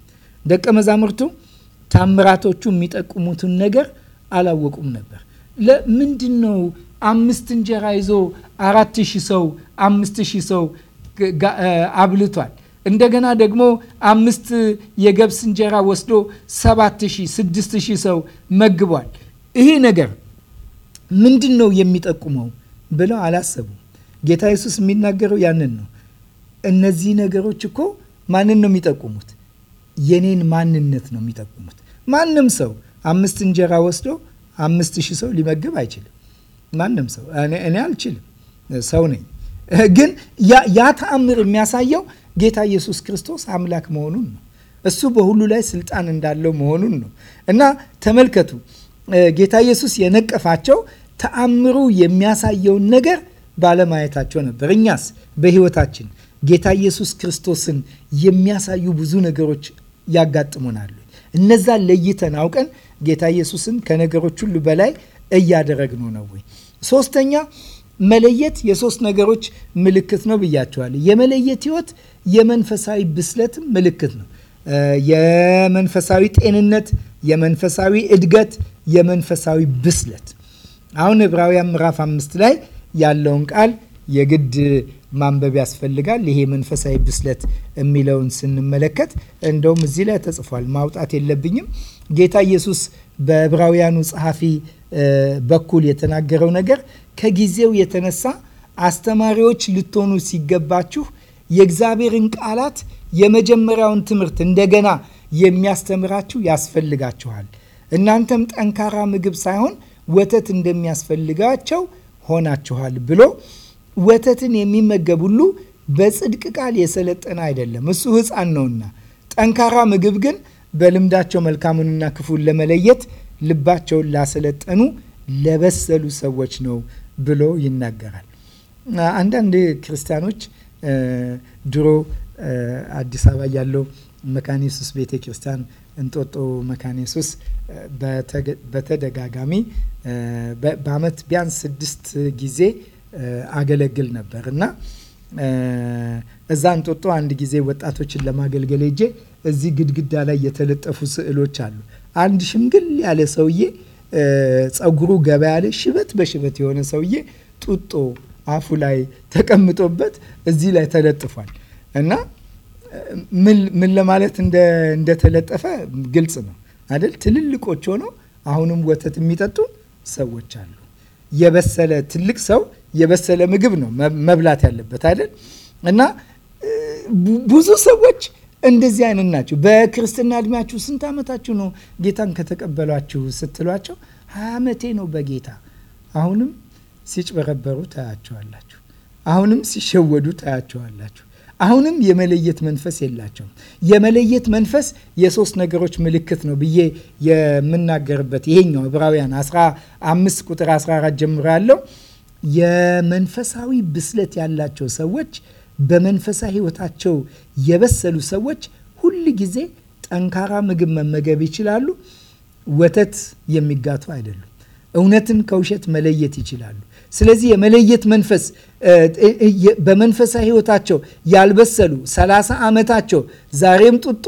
ደቀ መዛሙርቱ ታምራቶቹ የሚጠቁሙትን ነገር አላወቁም ነበር። ለምንድን ነው አምስት እንጀራ ይዞ አራት ሺ ሰው አምስት ሺህ ሰው አብልቷል። እንደገና ደግሞ አምስት የገብስ እንጀራ ወስዶ ሰባት ሺ ስድስት ሺህ ሰው መግቧል። ይሄ ነገር ምንድን ነው የሚጠቁመው ብለው አላሰቡም። ጌታ ኢየሱስ የሚናገረው ያንን ነው። እነዚህ ነገሮች እኮ ማንን ነው የሚጠቁሙት? የኔን ማንነት ነው የሚጠቁሙት። ማንም ሰው አምስት እንጀራ ወስዶ አምስት ሺህ ሰው ሊመግብ አይችልም። ማንም ሰው እኔ አልችልም፣ ሰው ነኝ። ግን ያ ተአምር የሚያሳየው ጌታ ኢየሱስ ክርስቶስ አምላክ መሆኑን ነው። እሱ በሁሉ ላይ ስልጣን እንዳለው መሆኑን ነው። እና ተመልከቱ ጌታ ኢየሱስ የነቀፋቸው ተአምሩ የሚያሳየውን ነገር ባለማየታቸው ነበር። እኛስ በህይወታችን ጌታ ኢየሱስ ክርስቶስን የሚያሳዩ ብዙ ነገሮች ያጋጥሙናሉ። እነዛን ለይተን አውቀን ጌታ ኢየሱስን ከነገሮች ሁሉ በላይ እያደረግነው ነው ወይ? ሶስተኛ መለየት የሶስት ነገሮች ምልክት ነው ብያቸዋለሁ። የመለየት ህይወት የመንፈሳዊ ብስለትም ምልክት ነው። የመንፈሳዊ ጤንነት፣ የመንፈሳዊ እድገት፣ የመንፈሳዊ ብስለት። አሁን ዕብራውያን ምዕራፍ አምስት ላይ ያለውን ቃል የግድ ማንበብ ያስፈልጋል። ይሄ መንፈሳዊ ብስለት የሚለውን ስንመለከት እንደውም እዚህ ላይ ተጽፏል። ማውጣት የለብኝም። ጌታ ኢየሱስ በዕብራውያኑ ጸሐፊ በኩል የተናገረው ነገር ከጊዜው የተነሳ አስተማሪዎች ልትሆኑ ሲገባችሁ የእግዚአብሔርን ቃላት የመጀመሪያውን ትምህርት እንደገና የሚያስተምራችሁ ያስፈልጋችኋል። እናንተም ጠንካራ ምግብ ሳይሆን ወተት እንደሚያስፈልጋቸው ሆናችኋል ብሎ ወተትን የሚመገብ ሁሉ በጽድቅ ቃል የሰለጠነ አይደለም፣ እሱ ሕፃን ነውና። ጠንካራ ምግብ ግን በልምዳቸው መልካሙንና ክፉን ለመለየት ልባቸውን ላሰለጠኑ ለበሰሉ ሰዎች ነው ብሎ ይናገራል። አንዳንድ ክርስቲያኖች ድሮ አዲስ አበባ ያለው መካኒሱስ ቤተ ክርስቲያን እንጦጦ መካኒሱስ በተደጋጋሚ በአመት ቢያንስ ስድስት ጊዜ አገለግል ነበር እና እዛ እንጦጦ አንድ ጊዜ ወጣቶችን ለማገልገል ሄጄ እዚህ ግድግዳ ላይ የተለጠፉ ስዕሎች አሉ። አንድ ሽምግል ያለ ሰውዬ ጸጉሩ ገባ ያለ ሽበት በሽበት የሆነ ሰውዬ ጡጦ አፉ ላይ ተቀምጦበት እዚህ ላይ ተለጥፏል እና ምን ለማለት እንደተለጠፈ ግልጽ ነው አይደል? ትልልቆች ሆነው አሁንም ወተት የሚጠጡ ሰዎች አሉ። የበሰለ ትልቅ ሰው የበሰለ ምግብ ነው መብላት ያለበት አይደል? እና ብዙ ሰዎች እንደዚህ አይነት ናቸው። በክርስትና እድሜያችሁ ስንት ዓመታችሁ ነው ጌታን ከተቀበሏችሁ ስትሏቸው ሀያ ዓመቴ ነው በጌታ አሁንም ሲጭበረበሩ ታያቸዋላችሁ። አሁንም ሲሸወዱ ታያቸዋላችሁ። አሁንም የመለየት መንፈስ የላቸውም። የመለየት መንፈስ የሶስት ነገሮች ምልክት ነው ብዬ የምናገርበት ይሄኛው ዕብራውያን 15 ቁጥር 14 ጀምሮ ያለው የመንፈሳዊ ብስለት ያላቸው ሰዎች፣ በመንፈሳዊ ህይወታቸው የበሰሉ ሰዎች ሁል ጊዜ ጠንካራ ምግብ መመገብ ይችላሉ። ወተት የሚጋቱ አይደሉም። እውነትን ከውሸት መለየት ይችላሉ። ስለዚህ የመለየት መንፈስ በመንፈሳዊ ህይወታቸው ያልበሰሉ ሰላሳ ዓመታቸው ዛሬም ጡጦ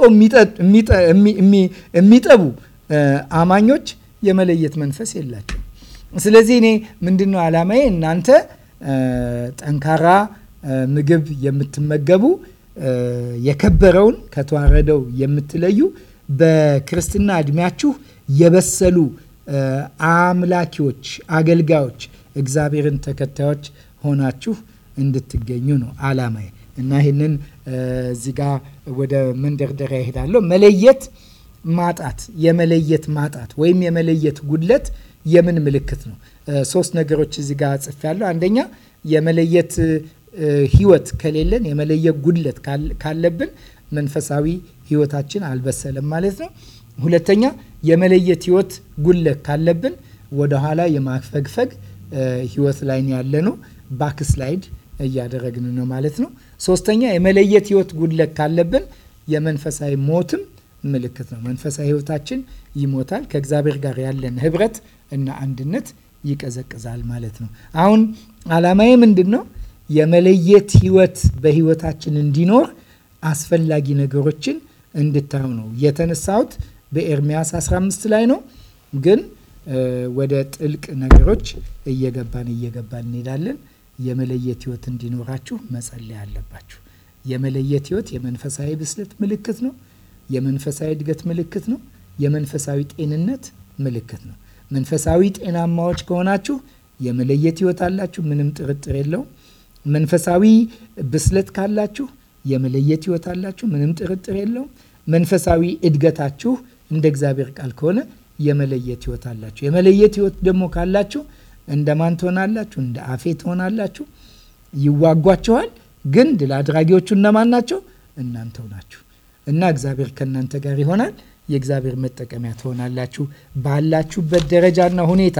የሚጠቡ አማኞች የመለየት መንፈስ የላቸው። ስለዚህ እኔ ምንድን ነው ዓላማዬ? እናንተ ጠንካራ ምግብ የምትመገቡ የከበረውን ከተዋረደው የምትለዩ በክርስትና እድሜያችሁ የበሰሉ አምላኪዎች፣ አገልጋዮች፣ እግዚአብሔርን ተከታዮች ሆናችሁ እንድትገኙ ነው ዓላማዬ እና ይህንን እዚህ ጋ ወደ መንደርደሪያ ይሄዳለሁ። መለየት ማጣት የመለየት ማጣት ወይም የመለየት ጉድለት የምን ምልክት ነው? ሶስት ነገሮች እዚህ ጋር ጽፌያለሁ። አንደኛ የመለየት ህይወት ከሌለን፣ የመለየት ጉድለት ካለብን መንፈሳዊ ህይወታችን አልበሰለም ማለት ነው። ሁለተኛ የመለየት ህይወት ጉድለት ካለብን ወደኋላ የማፈግፈግ ህይወት ላይ ያለ ነው። ባክስላይድ እያደረግን ነው ማለት ነው። ሶስተኛ የመለየት ህይወት ጉድለት ካለብን የመንፈሳዊ ሞትም ምልክት ነው። መንፈሳዊ ህይወታችን ይሞታል፣ ከእግዚአብሔር ጋር ያለን ህብረት እና አንድነት ይቀዘቅዛል ማለት ነው። አሁን አላማዬ ምንድን ነው? የመለየት ህይወት በህይወታችን እንዲኖር አስፈላጊ ነገሮችን እንድታዩ ነው የተነሳሁት። በኤርሚያስ 15 ላይ ነው ግን ወደ ጥልቅ ነገሮች እየገባን እየገባን እንሄዳለን። የመለየት ህይወት እንዲኖራችሁ መጸለይ አለባችሁ። የመለየት ህይወት የመንፈሳዊ ብስለት ምልክት ነው። የመንፈሳዊ እድገት ምልክት ነው። የመንፈሳዊ ጤንነት ምልክት ነው። መንፈሳዊ ጤናማዎች ከሆናችሁ የመለየት ህይወት አላችሁ፣ ምንም ጥርጥር የለውም። መንፈሳዊ ብስለት ካላችሁ የመለየት ህይወት አላችሁ፣ ምንም ጥርጥር የለውም። መንፈሳዊ እድገታችሁ እንደ እግዚአብሔር ቃል ከሆነ የመለየት ህይወት አላችሁ። የመለየት ህይወት ደግሞ ካላችሁ እንደ ማን ትሆናላችሁ? እንደ አፌ ትሆናላችሁ። ይዋጓችኋል፣ ግን ድል አድራጊዎቹ እነማን ናቸው? እናንተው ናችሁ። እና እግዚአብሔር ከእናንተ ጋር ይሆናል። የእግዚአብሔር መጠቀሚያ ትሆናላችሁ። ባላችሁበት ደረጃና ሁኔታ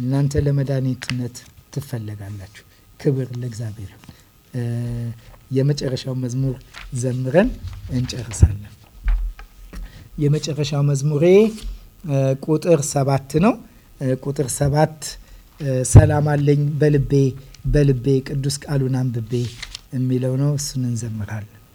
እናንተ ለመድኃኒትነት ትፈለጋላችሁ። ክብር ለእግዚአብሔር። የመጨረሻው መዝሙር ዘምረን እንጨርሳለን። የመጨረሻው መዝሙሬ ቁጥር ሰባት ነው። ቁጥር ሰባት ሰላም አለኝ በልቤ በልቤ ቅዱስ ቃሉን አንብቤ የሚለው ነው። እሱን እንዘምራለን።